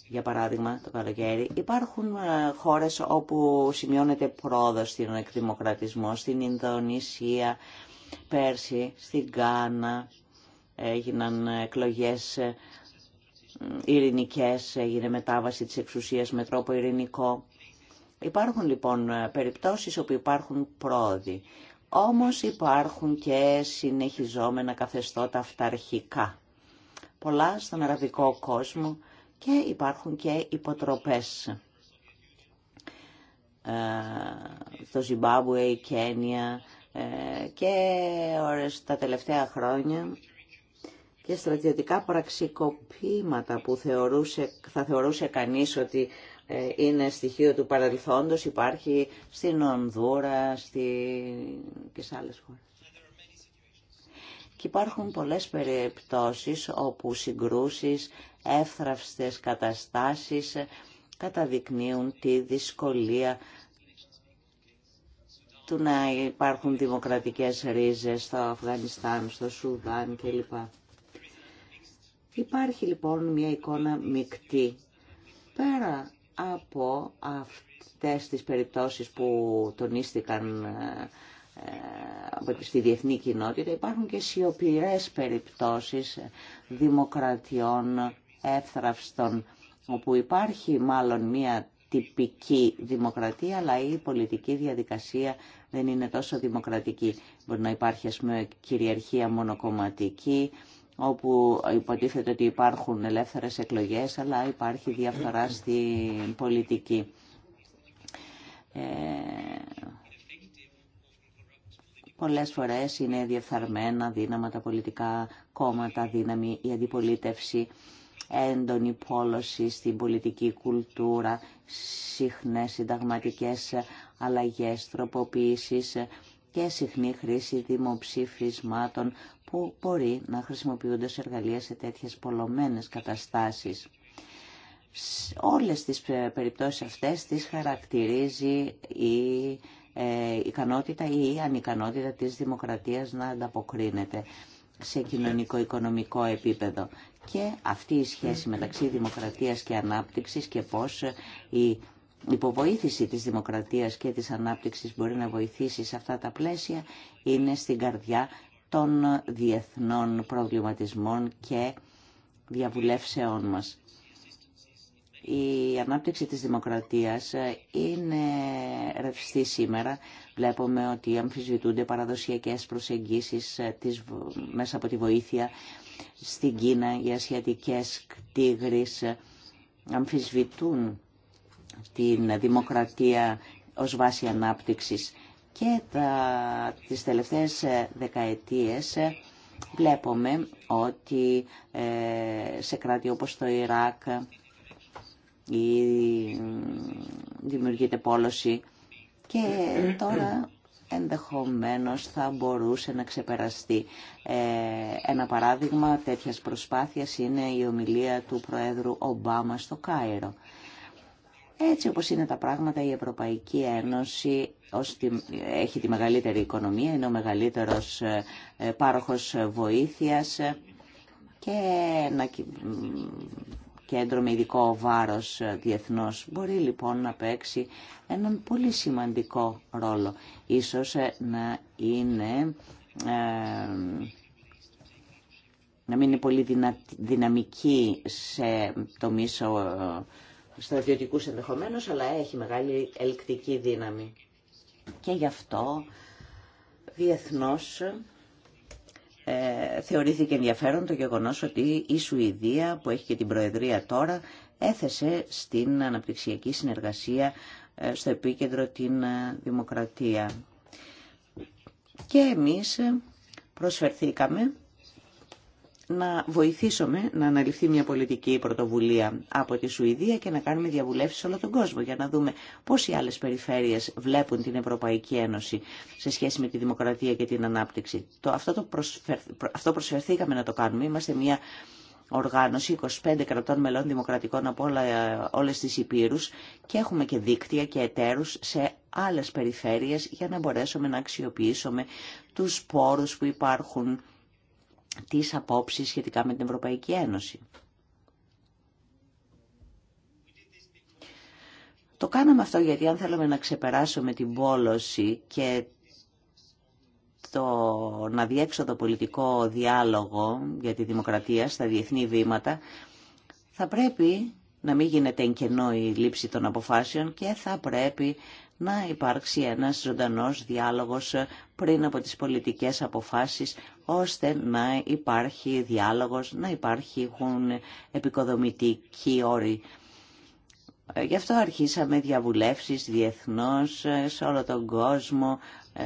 για παράδειγμα, το καλοκαίρι, υπάρχουν ε, χώρες όπου σημειώνεται πρόοδος στην εκδημοκρατισμό, στην Ινδονησία, πέρσι, στην Κάνα, έγιναν εκλογές ε, ειρηνικές, έγινε μετάβαση της εξουσίας με τρόπο ειρηνικό. Υπάρχουν λοιπόν ε, περιπτώσεις όπου υπάρχουν πρόοδοι. Όμως υπάρχουν και συνεχιζόμενα καθεστώτα αυταρχικά. Πολλά στον αραβικό κόσμο και υπάρχουν και υποτροπές. Ε, στο Ζιμπάμπουε, η Κένια ε, και ώρες τα τελευταία χρόνια και στρατιωτικά πραξικοπήματα που θεωρούσε, θα θεωρούσε κανείς ότι ε, είναι στοιχείο του παρελθόντος υπάρχει στην Ονδούρα στη... και σε άλλες χώρες. Και υπάρχουν πολλές περιπτώσεις όπου συγκρούσεις εύθραυστες καταστάσεις καταδεικνύουν τη δυσκολία του να υπάρχουν δημοκρατικές ρίζες στο Αφγανιστάν, στο Σουδάν κλπ. Υπάρχει λοιπόν μια εικόνα μεικτή. Πέρα από αυτές τις περιπτώσεις που τονίστηκαν ε, στη διεθνή κοινότητα υπάρχουν και σιωπηρές περιπτώσεις δημοκρατιών εύθραυστον, όπου υπάρχει μάλλον μία τυπική δημοκρατία, αλλά η πολιτική διαδικασία δεν είναι τόσο δημοκρατική. Μπορεί να υπάρχει, ας κυριαρχία μονοκομματική, όπου υποτίθεται ότι υπάρχουν ελεύθερες εκλογές, αλλά υπάρχει διαφορά στην πολιτική. Ε, πολλές φορές είναι διεφθαρμένα δύναμα τα πολιτικά κόμματα, δύναμη η αντιπολίτευση έντονη πόλωση στην πολιτική κουλτούρα, συχνές συνταγματικέ αλλαγές, τροποποιήσεις και συχνή χρήση δημοψήφισμάτων που μπορεί να χρησιμοποιούνται σε εργαλεία σε τέτοιες πολλωμένες καταστάσεις. Όλες τις ε, περιπτώσεις αυτές τις χαρακτηρίζει η ε, ικανότητα ή η ανικανότητα της δημοκρατίας να ανταποκρίνεται σε κοινωνικό-οικονομικό επίπεδο και αυτή η σχέση μεταξύ δημοκρατίας και ανάπτυξης και πώς η υποβοήθηση της δημοκρατίας και της ανάπτυξης μπορεί να βοηθήσει σε αυτά τα πλαίσια είναι στην καρδιά των διεθνών προβληματισμών και διαβουλεύσεών μας. Η ανάπτυξη της δημοκρατίας είναι ρευστή σήμερα. Βλέπουμε ότι αμφισβητούνται παραδοσιακές προσεγγίσεις ε, της, μέσα από τη βοήθεια στην Κίνα, οι ασιατικές τίγρεις αμφισβητούν την δημοκρατία ως βάση ανάπτυξης. Και τα, τις τελευταίες ε, δεκαετίες ε, βλέπουμε ότι ε, σε κράτη όπως το Ιράκ η, δημιουργείται πόλωση και τώρα ενδεχομένως θα μπορούσε να ξεπεραστεί. Ε, ένα παράδειγμα τέτοιας προσπάθειας είναι η ομιλία του Προέδρου Ομπάμα στο Κάιρο. Έτσι όπως είναι τα πράγματα η Ευρωπαϊκή Ένωση έχει τη μεγαλύτερη οικονομία, είναι ο μεγαλύτερος ε, πάροχος βοήθειας και να κέντρο με ειδικό βάρος ε, διεθνώς μπορεί λοιπόν να παίξει έναν πολύ σημαντικό ρόλο. Ίσως ε, να είναι... Ε, να μην είναι πολύ δυναμική σε το μίσο ε, στρατιωτικού ενδεχομένω, αλλά έχει μεγάλη ελκτική δύναμη. Και γι' αυτό διεθνώς ε, θεωρήθηκε ενδιαφέρον το γεγονός ότι η Σουηδία που έχει και την Προεδρία τώρα έθεσε στην αναπτυξιακή συνεργασία ε, στο επίκεντρο την ε, δημοκρατία. Και εμείς ε, προσφερθήκαμε να βοηθήσουμε να αναλυφθεί μια πολιτική πρωτοβουλία από τη Σουηδία και να κάνουμε διαβουλεύσεις σε όλο τον κόσμο για να δούμε πώς οι άλλες περιφέρειες βλέπουν την Ευρωπαϊκή Ένωση σε σχέση με τη δημοκρατία και την ανάπτυξη. Το, αυτό, το προσφερ, προσφερθήκαμε να το κάνουμε. Είμαστε μια οργάνωση 25 κρατών μελών δημοκρατικών από όλα, όλες τις και έχουμε και δίκτυα και εταίρους σε άλλες περιφέρειες για να μπορέσουμε να αξιοποιήσουμε τους πόρους που υπάρχουν τις απόψεις σχετικά με την Ευρωπαϊκή Ένωση. Το κάναμε αυτό γιατί αν θέλουμε να ξεπεράσουμε την πόλωση και το να διέξω το πολιτικό διάλογο για τη δημοκρατία στα διεθνή βήματα, θα πρέπει να μην γίνεται εν κενό η λήψη των αποφάσεων και θα πρέπει να υπάρξει ένας ζωντανός διάλογος πριν από τις πολιτικές αποφάσεις, ώστε να υπάρχει διάλογος, να υπάρχουν επικοδομητικοί όροι. Ε, γι' αυτό αρχίσαμε διαβουλεύσεις διεθνώς ε, σε όλο τον κόσμο ε,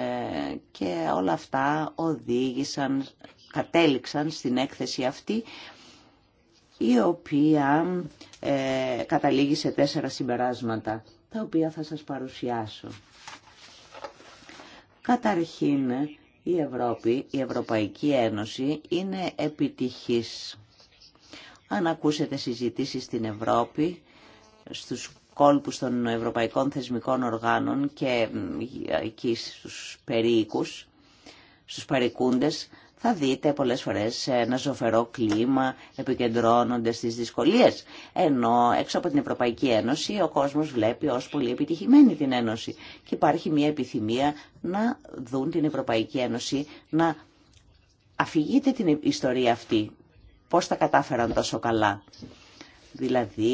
και όλα αυτά οδήγησαν, κατέληξαν στην έκθεση αυτή η οποία καταλήγει σε τέσσερα συμπεράσματα τα οποία θα σας παρουσιάσω. Καταρχήν, η Ευρώπη, η Ευρωπαϊκή Ένωση είναι επιτυχής. Αν ακούσετε συζητήσεις στην Ευρώπη, στους κόλπους των ευρωπαϊκών θεσμικών οργάνων και εκεί στους περίκους, στους παρικούντες, θα δείτε πολλές φορές ένα ζωφερό κλίμα, επικεντρώνονται στις δυσκολίες. Ενώ έξω από την Ευρωπαϊκή Ένωση ο κόσμος βλέπει ως πολύ επιτυχημένη την Ένωση και υπάρχει μια επιθυμία να δουν την Ευρωπαϊκή Ένωση να αφηγείται την ιστορία αυτή. Πώς τα κατάφεραν τόσο καλά. Δηλαδή,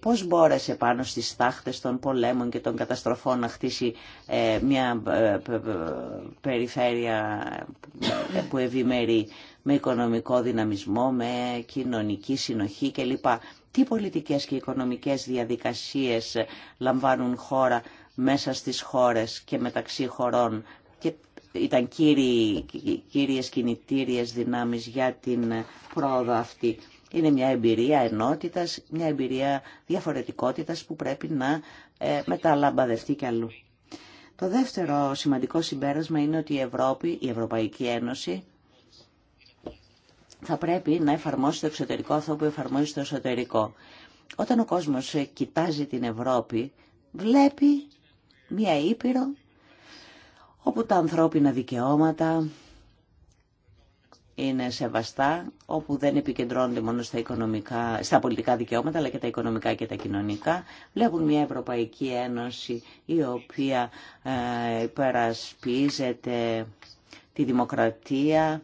πώς μπόρεσε πάνω στις στάχτες των πολέμων και των καταστροφών να χτίσει ε, μια ε, περιφέρεια ε, που ευημερεί με οικονομικό δυναμισμό, με κοινωνική συνοχή κλπ. Τι πολιτικές και οικονομικές διαδικασίες λαμβάνουν χώρα μέσα στις χώρες και μεταξύ χωρών και ήταν κύριοι, κύριες κινητήριες δυνάμεις για την πρόοδο αυτή. Είναι μια εμπειρία ενότητας, μια εμπειρία διαφορετικότητας που πρέπει να ε, μεταλαμπαδευτεί κι αλλού. Το δεύτερο σημαντικό συμπέρασμα είναι ότι η Ευρώπη, η Ευρωπαϊκή Ένωση, θα πρέπει να εφαρμόσει το εξωτερικό αυτό που εφαρμόζει το εσωτερικό. Όταν ο κόσμος ε, κοιτάζει την Ευρώπη, βλέπει μία ήπειρο όπου τα ανθρώπινα δικαιώματα, είναι σεβαστά, όπου δεν επικεντρώνονται μόνο στα, οικονομικά, στα πολιτικά δικαιώματα, αλλά και τα οικονομικά και τα κοινωνικά. Βλέπουν μια Ευρωπαϊκή Ένωση η οποία ε, υπερασπίζεται τη δημοκρατία,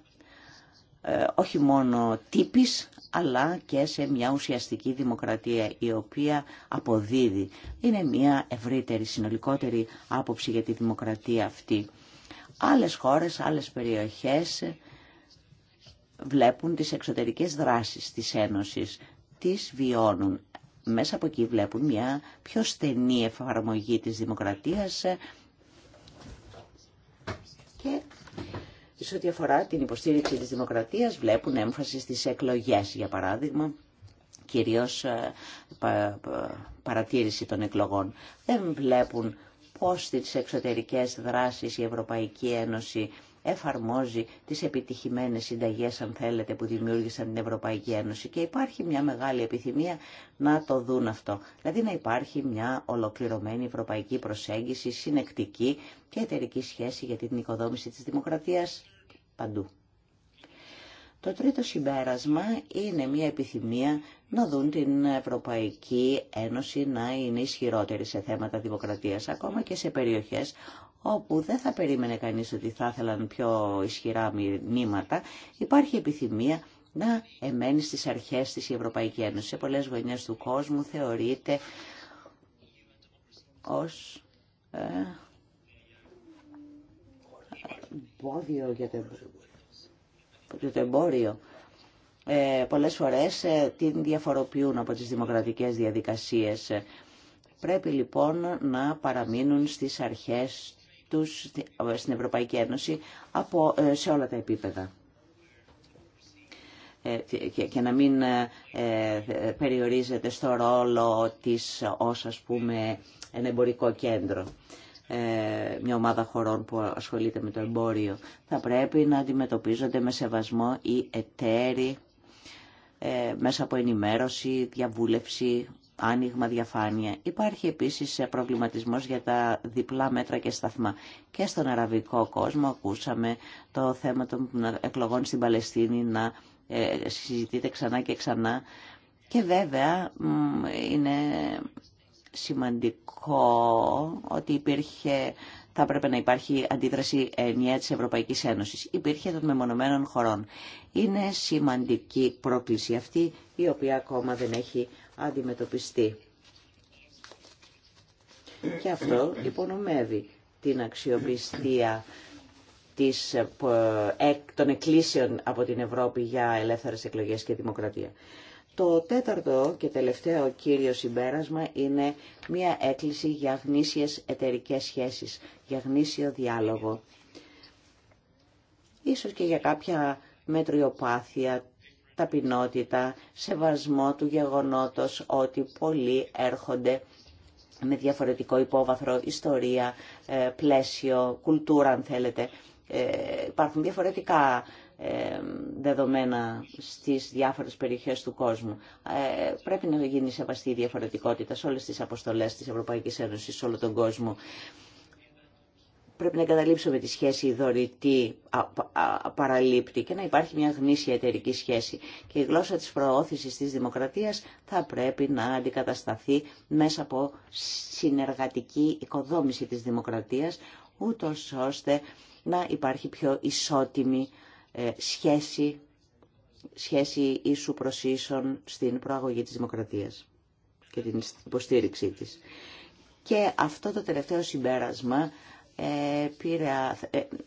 ε, όχι μόνο τύπης, αλλά και σε μια ουσιαστική δημοκρατία η οποία αποδίδει. Είναι μια ευρύτερη, συνολικότερη άποψη για τη δημοκρατία αυτή. Άλλες χώρες, άλλες περιοχές βλέπουν τις εξωτερικές δράσεις της Ένωσης, τις βιώνουν. Μέσα από εκεί βλέπουν μια πιο στενή εφαρμογή της δημοκρατίας και σε ό,τι αφορά την υποστήριξη της δημοκρατίας βλέπουν έμφαση στις εκλογές, για παράδειγμα, κυρίως ε, παρατήρηση των εκλογών. Δεν βλέπουν πώς στις εξωτερικές δράσεις η Ευρωπαϊκή Ένωση εφαρμόζει τις επιτυχημένες συνταγές, αν θέλετε, που δημιούργησαν την Ευρωπαϊκή Ένωση και υπάρχει μια μεγάλη επιθυμία να το δουν αυτό. Δηλαδή να υπάρχει μια ολοκληρωμένη ευρωπαϊκή προσέγγιση, συνεκτική και εταιρική σχέση για την οικοδόμηση της δημοκρατίας παντού. Το τρίτο συμπέρασμα είναι μια επιθυμία να δουν την Ευρωπαϊκή Ένωση να είναι ισχυρότερη σε θέματα δημοκρατίας, ακόμα και σε περιοχές όπου δεν θα περίμενε κανείς ότι θα ήθελαν πιο ισχυρά μηνύματα, υπάρχει επιθυμία να εμένει στις αρχές της η Ευρωπαϊκή Ένωση. Σε πολλές γωνιές του κόσμου θεωρείται ως ε, εμπόδιο για το, το εμπόριο. Ε, πολλές φορές ε, την διαφοροποιούν από τις δημοκρατικές διαδικασίες. Πρέπει λοιπόν να παραμείνουν στις αρχές τους στην Ευρωπαϊκή Ένωση από, ε, σε όλα τα επίπεδα ε, και να μην ε, περιορίζεται στο ρόλο της ως ας πούμε ένα εμπορικό κέντρο μια ομάδα χωρών που ασχολείται με το εμπόριο. Θα πρέπει να αντιμετωπίζονται με σεβασμό οι εταίροι μέσα από ενημέρωση, διαβούλευση, άνοιγμα, διαφάνεια. Υπάρχει επίσης προβληματισμός για τα διπλά μέτρα και σταθμά. Και στον αραβικό κόσμο ακούσαμε το θέμα των εκλογών στην Παλαιστίνη να ε, συζητείται ξανά και ξανά. Και βέβαια είναι σημαντικό ότι υπήρχε, θα πρέπει να υπάρχει αντίδραση ενιαία της Ευρωπαϊκής Ένωσης. Υπήρχε των μεμονωμένων χωρών. Είναι σημαντική πρόκληση αυτή η οποία ακόμα δεν έχει αντιμετωπιστεί. Και αυτό υπονομεύει την αξιοπιστία της, ε, ε, των εκκλήσεων από την Ευρώπη για ελεύθερες εκλογές και δημοκρατία. Το τέταρτο και τελευταίο κύριο συμπέρασμα είναι μια έκκληση για γνήσιες εταιρικέ σχέσεις, για γνήσιο διάλογο. Ίσως και για κάποια μετριοπάθεια ταπεινότητα, σεβασμό του γεγονότος ότι πολλοί έρχονται με διαφορετικό υπόβαθρο, ιστορία, ε, πλαίσιο, κουλτούρα αν θέλετε. Ε, υπάρχουν διαφορετικά ε, δεδομένα στις διάφορες περιοχές του κόσμου. Πρέπει να γίνει σεβαστή η διαφορετικότητα σε όλες τις αποστολές της Ευρωπαϊκής Ένωσης, σε όλο τον κόσμο πρέπει να εγκαταλείψουμε τη σχέση δωρητή παραλήπτη και να υπάρχει μια γνήσια εταιρική σχέση. Και η γλώσσα της προώθησης της δημοκρατίας θα πρέπει να αντικατασταθεί μέσα από συνεργατική οικοδόμηση της δημοκρατίας, ούτω ώστε να υπάρχει πιο ισότιμη ε, σχέση, σχέση ίσου προς ίσον στην προαγωγή της δημοκρατίας και την υποστήριξή της. Και αυτό το τελευταίο συμπέρασμα ε,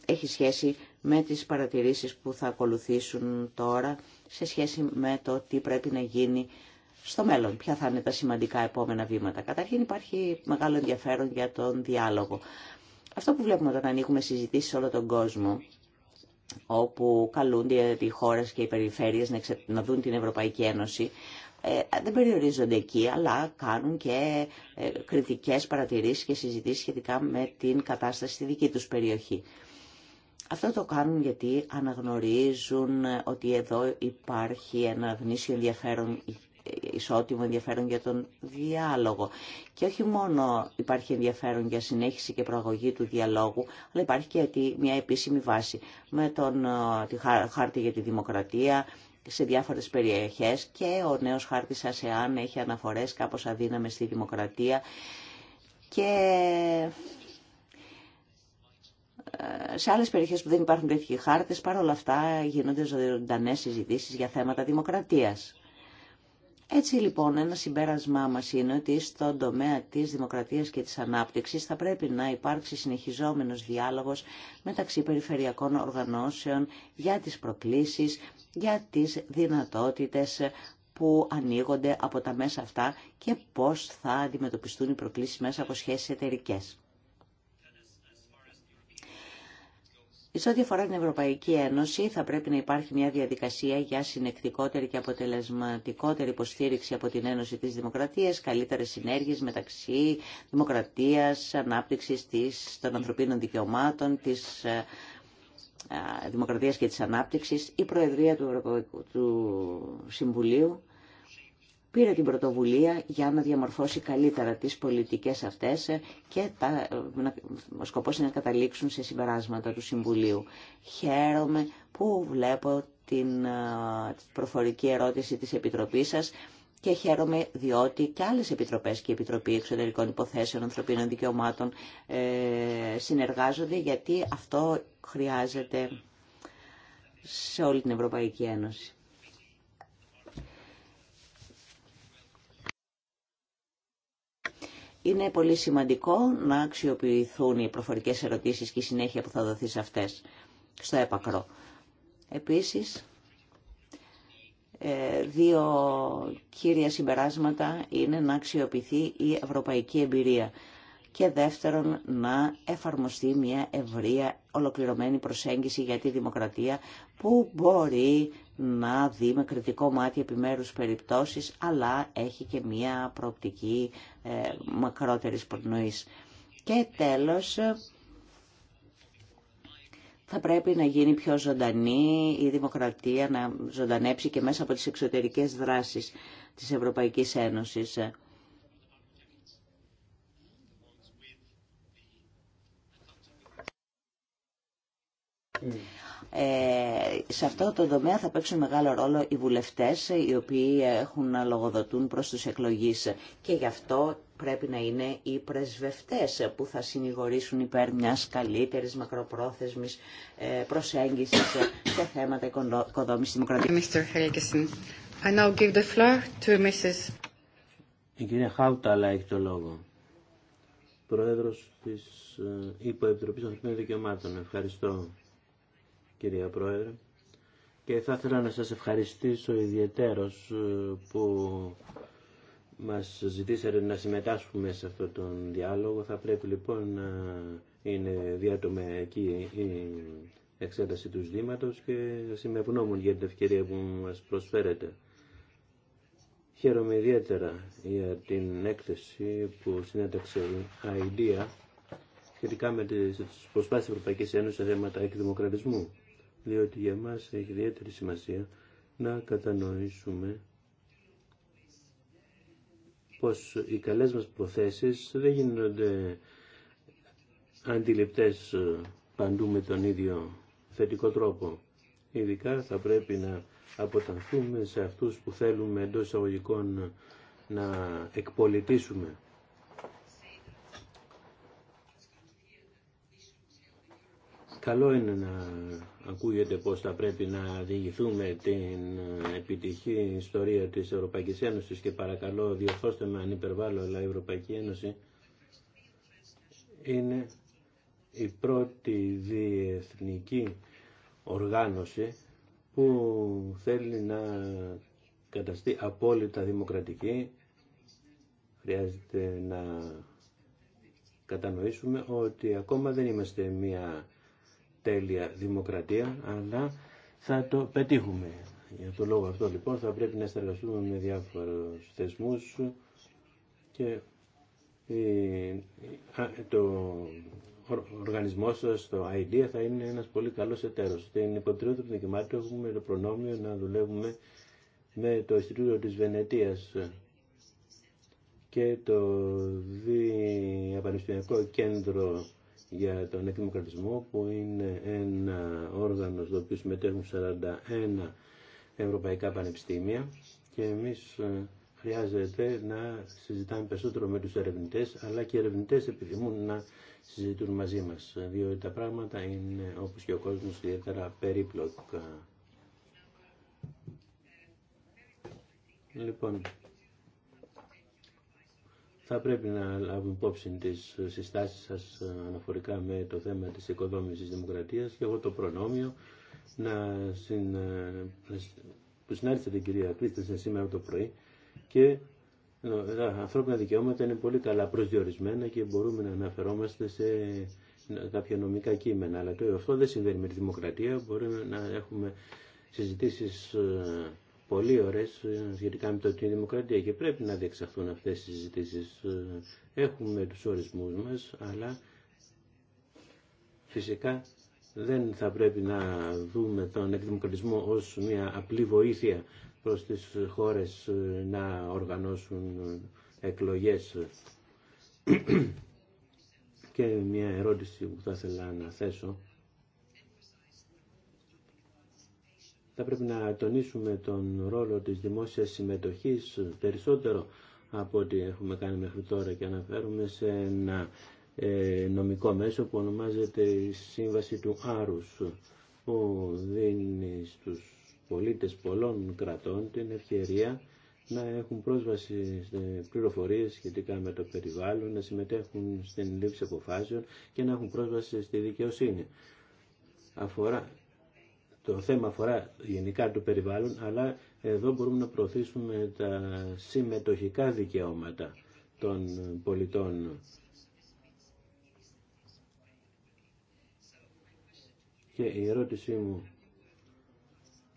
έχει σχέση με τις παρατηρήσεις που θα ακολουθήσουν τώρα σε σχέση με το τι πρέπει να γίνει στο μέλλον. Ποια θα είναι τα σημαντικά επόμενα βήματα. Καταρχήν υπάρχει μεγάλο ενδιαφέρον για τον διάλογο. Αυτό που βλέπουμε όταν ανοίγουμε συζητήσεις σε όλο τον κόσμο, όπου καλούνται οι χώρες και οι περιφέρειες να δουν την Ευρωπαϊκή Ένωση, ε, δεν περιορίζονται εκεί, αλλά κάνουν και ε, κριτικές παρατηρήσεις και συζητήσεις σχετικά με την κατάσταση στη δική τους περιοχή. Αυτό το κάνουν γιατί αναγνωρίζουν ε, ότι εδώ υπάρχει ένα γνήσιο ενδιαφέρον ισότιμο ενδιαφέρον για τον διάλογο. Και όχι μόνο υπάρχει ενδιαφέρον για συνέχιση και προαγωγή του διαλόγου, αλλά υπάρχει και μια επίσημη βάση με τον, τη χάρτη για τη δημοκρατία, σε διάφορες περιοχές και ο νέος χάρτης ΑΣΕΑΝ έχει αναφορές κάπως αδύναμες στη δημοκρατία και ε, σε άλλες περιοχές που δεν υπάρχουν τέτοιοι χάρτες παρόλα αυτά γίνονται ζωντανές συζητήσεις για θέματα δημοκρατίας. Έτσι λοιπόν ένα συμπέρασμά μας είναι ότι στον τομέα της δημοκρατίας και της ανάπτυξης θα πρέπει να υπάρξει συνεχιζόμενος διάλογος μεταξύ περιφερειακών οργανώσεων για τις προκλήσεις, για τις δυνατότητες που ανοίγονται από τα μέσα αυτά και πώς θα αντιμετωπιστούν οι προκλήσεις μέσα από σχέσεις εταιρικέ. Σε ό,τι αφορά την Ευρωπαϊκή Ένωση, θα πρέπει να υπάρχει μια διαδικασία για συνεκτικότερη και αποτελεσματικότερη υποστήριξη από την Ένωση της Δημοκρατίας, καλύτερες συνέργειες μεταξύ δημοκρατίας, ανάπτυξης των ανθρωπίνων δικαιωμάτων, της ε, ε, δημοκρατίας και της Ανάπτυξης, η Προεδρία του του Συμβουλίου πήρε την πρωτοβουλία για να διαμορφώσει καλύτερα τις πολιτικές αυτές και τα, ο σκοπός είναι να καταλήξουν σε συμπεράσματα του Συμβουλίου. Χαίρομαι που βλέπω την ε, προφορική ερώτηση της Επιτροπής σας και χαίρομαι διότι και άλλες επιτροπές και η Επιτροπή Εξωτερικών Υποθέσεων Ανθρωπίνων Δικαιωμάτων ε, συνεργάζονται γιατί αυτό χρειάζεται σε όλη την Ευρωπαϊκή Ένωση. Είναι πολύ σημαντικό να αξιοποιηθούν οι προφορικές ερωτήσεις και η συνέχεια που θα δοθεί σε αυτές στο έπακρο. Επίσης, ε, δύο κύρια συμπεράσματα είναι να αξιοποιηθεί η ευρωπαϊκή εμπειρία και δεύτερον να εφαρμοστεί μια ευρεία ολοκληρωμένη προσέγγιση για τη δημοκρατία που μπορεί να δει με κριτικό μάτι επιμέρους περιπτώσεις αλλά έχει και μια προοπτική ε, μακρότερης Και τέλος θα πρέπει να γίνει πιο ζωντανή η δημοκρατία, να ζωντανέψει και μέσα από τις εξωτερικές δράσεις της Ευρωπαϊκής Ένωσης. Ε, σε αυτό το τομέα θα παίξουν μεγάλο ρόλο οι βουλευτές οι οποίοι έχουν να λογοδοτούν προς τους εκλογείς και γι' αυτό πρέπει να είναι οι πρεσβευτές που θα συνηγορήσουν υπέρ μιας καλύτερης μακροπρόθεσμης ε, προσέγγισης σε θέματα οικοδόμησης δημοκρατίας. I now give the floor to Mrs. Η κυρία Χάουταλα έχει το λόγο. Πρόεδρος της ε, Υποεπιτροπής Ανθρωπίνων Δικαιωμάτων. Ευχαριστώ κυρία Πρόεδρε. Και θα ήθελα να σας ευχαριστήσω ιδιαίτερος ε, που μας ζητήσατε να συμμετάσχουμε σε αυτόν τον διάλογο. Θα πρέπει λοιπόν να είναι εκεί η εξέταση του ζητήματος και ευγνώμων για την ευκαιρία που μας προσφέρετε. Χαίρομαι ιδιαίτερα για την έκθεση που συνέταξε η ΑΙΔΙΑ σχετικά με τις της Ευρωπαϊκής Ένωσης σε θέματα εκδημοκρατισμού διότι για μας έχει ιδιαίτερη σημασία να κατανοήσουμε πως οι καλές μας προθέσεις δεν γίνονται αντιληπτές παντού με τον ίδιο θετικό τρόπο. Ειδικά θα πρέπει να αποτανθούμε σε αυτούς που θέλουμε εντό εισαγωγικών να εκπολιτήσουμε. Καλό είναι να ακούγεται πως θα πρέπει να διηγηθούμε την επιτυχή ιστορία της Ευρωπαϊκής Ένωσης και παρακαλώ διορθώστε με αν υπερβάλλω, αλλά η Ευρωπαϊκή Ένωση είναι η πρώτη διεθνική οργάνωση που θέλει να καταστεί απόλυτα δημοκρατική. Χρειάζεται να κατανοήσουμε ότι ακόμα δεν είμαστε μια τέλεια δημοκρατία, αλλά θα το πετύχουμε. Για τον λόγο αυτό λοιπόν θα πρέπει να συνεργαστούμε με διάφορους θεσμούς και το οργανισμό σα, το IDEA, θα είναι ένας πολύ καλός εταίρος. Στην υποτρίωτη του δικημάτου έχουμε το προνόμιο να δουλεύουμε με το Ινστιτούτο της Βενετίας και το Διαπανεπιστημιακό Κέντρο για τον εκδημοκρατισμό που είναι ένα όργανο στο οποίο συμμετέχουν 41 ευρωπαϊκά πανεπιστήμια και εμείς ε, χρειάζεται να συζητάμε περισσότερο με τους ερευνητές αλλά και οι ερευνητές επιθυμούν να συζητούν μαζί μας διότι τα πράγματα είναι όπως και ο κόσμος ιδιαίτερα περίπλοκα. Λοιπόν, θα πρέπει να λάβουμε υπόψη τις συστάσεις σα αναφορικά με το θέμα της τη δημοκρατίας και εγώ το προνόμιο να, συν, που συνάντησα την κυρία Κρίστενσεν σήμερα το πρωί και ε, τα ανθρώπινα δικαιώματα είναι πολύ καλά προσδιορισμένα και μπορούμε να αναφερόμαστε σε κάποια νομικά κείμενα. Αλλά το αυτό δεν συμβαίνει με τη δημοκρατία. Μπορούμε να έχουμε συζητήσεις ε, πολύ ωραίες ε, σχετικά με το δημοκρατία και πρέπει να διεξαχθούν αυτές οι συζητήσεις. Ε, έχουμε τους ορισμούς μας, αλλά φυσικά δεν θα πρέπει να δούμε τον εκδημοκρατισμό ως μια απλή βοήθεια προς τις χώρες ε, να οργανώσουν εκλογές. και μια ερώτηση που θα ήθελα να θέσω θα πρέπει να τονίσουμε τον ρόλο της δημόσιας συμμετοχής περισσότερο από ό,τι έχουμε κάνει μέχρι τώρα και αναφέρουμε σε ένα ε, νομικό μέσο που ονομάζεται η Σύμβαση του Άρους που δίνει στους πολίτες πολλών κρατών την ευκαιρία να έχουν πρόσβαση σε πληροφορίες σχετικά με το περιβάλλον, να συμμετέχουν στην λήψη αποφάσεων και να έχουν πρόσβαση στη δικαιοσύνη. Αφορά το θέμα αφορά γενικά το περιβάλλον, αλλά εδώ μπορούμε να προωθήσουμε τα συμμετοχικά δικαιώματα των πολιτών. Και η ερώτησή μου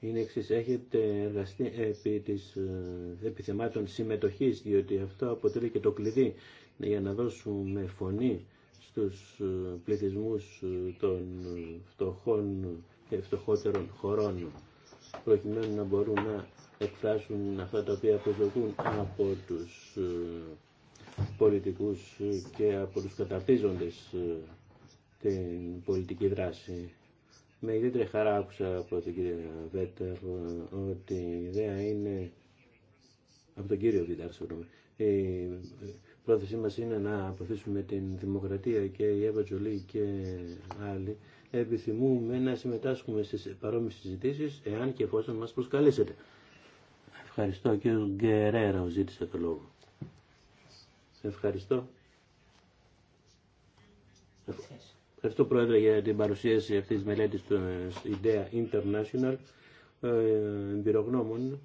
είναι εξή. Έχετε εργαστεί επί της ε, επιθεμάτων συμμετοχής, διότι αυτό αποτελεί και το κλειδί για να δώσουμε φωνή στους ε, πληθυσμούς ε, των φτωχών και φτωχότερων χωρών προκειμένου να μπορούν να εκφράσουν αυτά τα οποία προσδοκούν από τους ε, πολιτικούς και από τους καταρτίζοντες ε, την πολιτική δράση. Με ιδιαίτερη χαρά άκουσα από τον κύριο Βέτερ ε, ότι η ιδέα είναι από τον κύριο Βίταρ, Η πρόθεσή μας είναι να αποθήσουμε την δημοκρατία και η Εύα Τζολή και άλλοι επιθυμούμε να συμμετάσχουμε στις παρόμοιες συζητήσεις εάν και εφόσον μας προσκαλέσετε. Ευχαριστώ. Ο κ. Γκερέρα ζήτησε το λόγο. Ευχαριστώ. Ευχαριστώ Πρόεδρε για την παρουσίαση αυτής της μελέτης του IDEA International ε, εμπειρογνώμων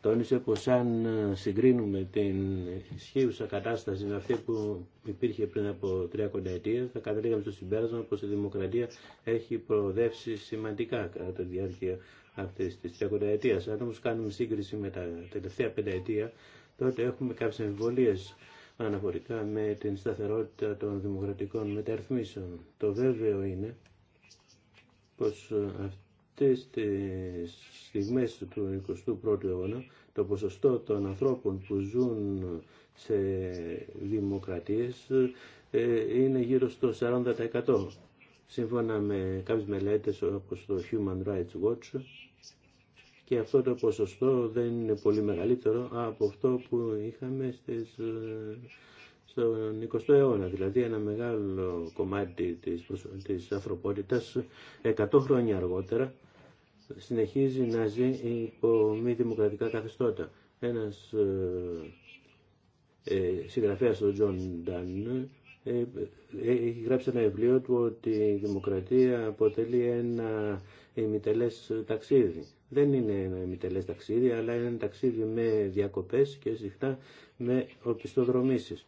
τόνισε πως αν ε, συγκρίνουμε την ισχύουσα κατάσταση με αυτή που υπήρχε πριν από τρία κονταετία, θα καταλήγαμε στο συμπέρασμα πως η δημοκρατία έχει προοδεύσει σημαντικά κατά τη διάρκεια αυτή τη τρία κονταετία. Αν όμω κάνουμε σύγκριση με τα τελευταία πενταετία, τότε έχουμε κάποιε εμβολίες αναφορικά με την σταθερότητα των δημοκρατικών μεταρρυθμίσεων. Το βέβαιο είναι πως ε, αυτές τις στιγμές του 21ου αιώνα το ποσοστό των ανθρώπων που ζουν σε δημοκρατίες ε, είναι γύρω στο 40%. Σύμφωνα με κάποιες μελέτες όπως το Human Rights Watch και αυτό το ποσοστό δεν είναι πολύ μεγαλύτερο από αυτό που είχαμε στις, ε, στον 20ο αιώνα. Δηλαδή ένα μεγάλο κομμάτι της, της ανθρωπότητας 100 χρόνια αργότερα συνεχίζει να ζει υπό μη δημοκρατικά καθεστώτα. Ένας ε, ε συγγραφέας ο Τζον Ντάν ε, ε, έχει γράψει ένα βιβλίο του ότι η δημοκρατία αποτελεί ένα ημιτελές ταξίδι. Δεν είναι ένα ημιτελές ταξίδι, αλλά είναι ένα ταξίδι με διακοπές και συχνά με οπισθοδρομήσεις.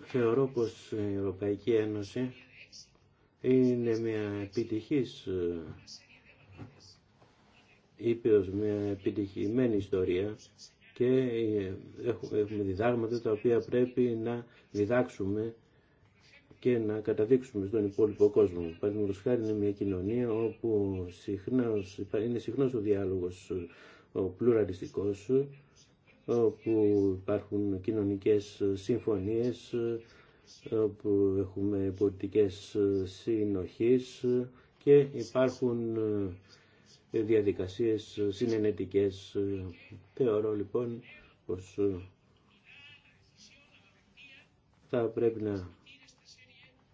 Θεωρώ πως η Ευρωπαϊκή Ένωση είναι μια επιτυχής Ήπειρος μια επιτυχημένη ιστορία και έχουμε διδάγματα τα οποία πρέπει να διδάξουμε και να καταδείξουμε στον υπόλοιπο κόσμο. Παραδείγματο χάρη είναι μια κοινωνία όπου είναι συχνός ο διάλογος ο πλουραλιστικός, όπου υπάρχουν κοινωνικές συμφωνίες, όπου έχουμε πολιτικές συνοχής και υπάρχουν διαδικασίες συνενετικές. Θεωρώ λοιπόν πως ε, θα πρέπει να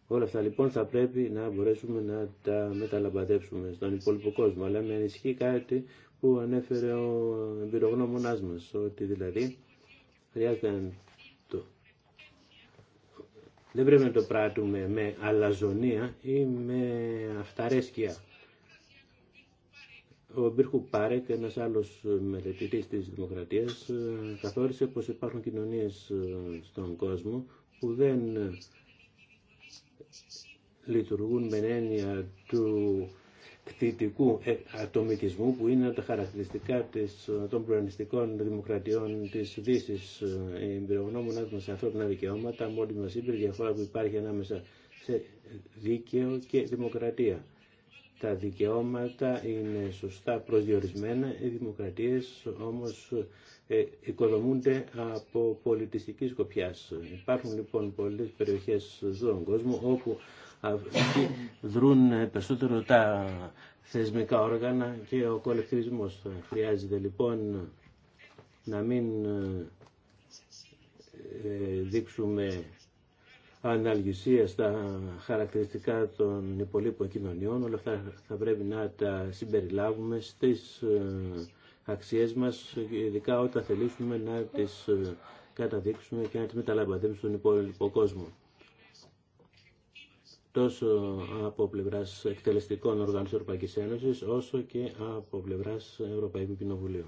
όλα αυτά λοιπόν θα πρέπει να μπορέσουμε να τα μεταλαμπαδεύσουμε στον υπόλοιπο κόσμο. Αλλά με ανησυχεί κάτι που ανέφερε ο εμπειρογνώμονά μα, ότι δηλαδή χρειάζεται να το... Δεν πρέπει να το πράττουμε με αλαζονία ή με αυταρέσκεια. Ο Μπίρχου Πάρεκ, ένα άλλο μελετητή τη δημοκρατία, ε, καθόρισε πως υπάρχουν κοινωνίες ε, στον κόσμο που δεν ε, λειτουργούν με έννοια του κτητικού ατομικισμού που είναι τα χαρακτηριστικά της, των πλουρανιστικών δημοκρατιών της Δύσης. Οι εμπειρογνώμονας μας σε ανθρώπινα δικαιώματα μόλις μας είπε διαφορά που υπάρχει ανάμεσα σε δίκαιο και δημοκρατία τα δικαιώματα είναι σωστά προσδιορισμένα, οι δημοκρατίες όμως ε, οικοδομούνται από πολιτιστική σκοπιά. Υπάρχουν λοιπόν πολλές περιοχές στον κόσμο όπου αυτοί δρούν περισσότερο τα θεσμικά όργανα και ο κολεκτρισμός Χρειάζεται λοιπόν να μην ε, δείξουμε αναλγησία στα χαρακτηριστικά των υπολείπων κοινωνιών. Όλα αυτά θα πρέπει να τα συμπεριλάβουμε στις ε, αξίες μας, ειδικά όταν θελήσουμε να τις ε, καταδείξουμε και να τις μεταλαμβαδίσουμε στον υπόλοιπο κόσμο. Τόσο από πλευράς εκτελεστικών οργάνων της Ευρωπαϊκής Ένωσης, όσο και από πλευράς Ευρωπαϊκού Κοινοβουλίου.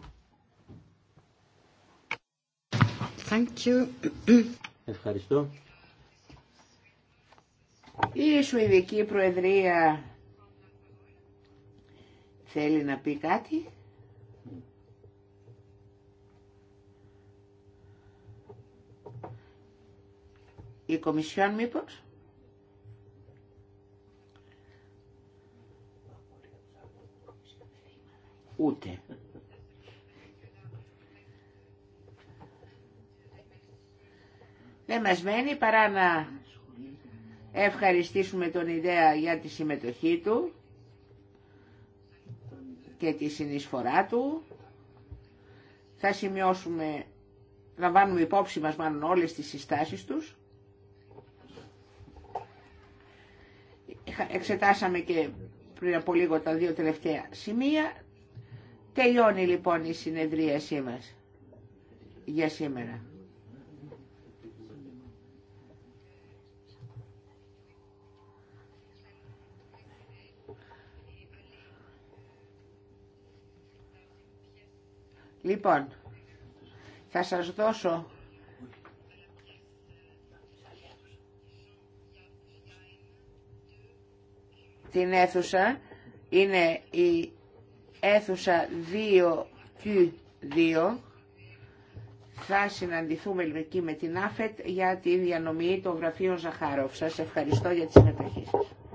Thank you. Ευχαριστώ. Η Σουηδική Προεδρία θέλει να πει κάτι. Η Κομισιόν μήπως. Ούτε. Δεν μας μένει παρά να ευχαριστήσουμε τον ιδέα για τη συμμετοχή του και τη συνεισφορά του. Θα σημειώσουμε, να βάλουμε υπόψη μας μάλλον όλες τις συστάσεις τους. Εξετάσαμε και πριν από λίγο τα δύο τελευταία σημεία. Τελειώνει λοιπόν η συνεδρίασή μας για σήμερα. Λοιπόν, θα σας δώσω την αίθουσα. Είναι η αίθουσα 2Q2. Θα συναντηθούμε λοιπόν, εκεί με την ΑΦΕΤ για τη διανομή των γραφείων Ζαχάροφ. Σας ευχαριστώ για τη συμμετοχή σας.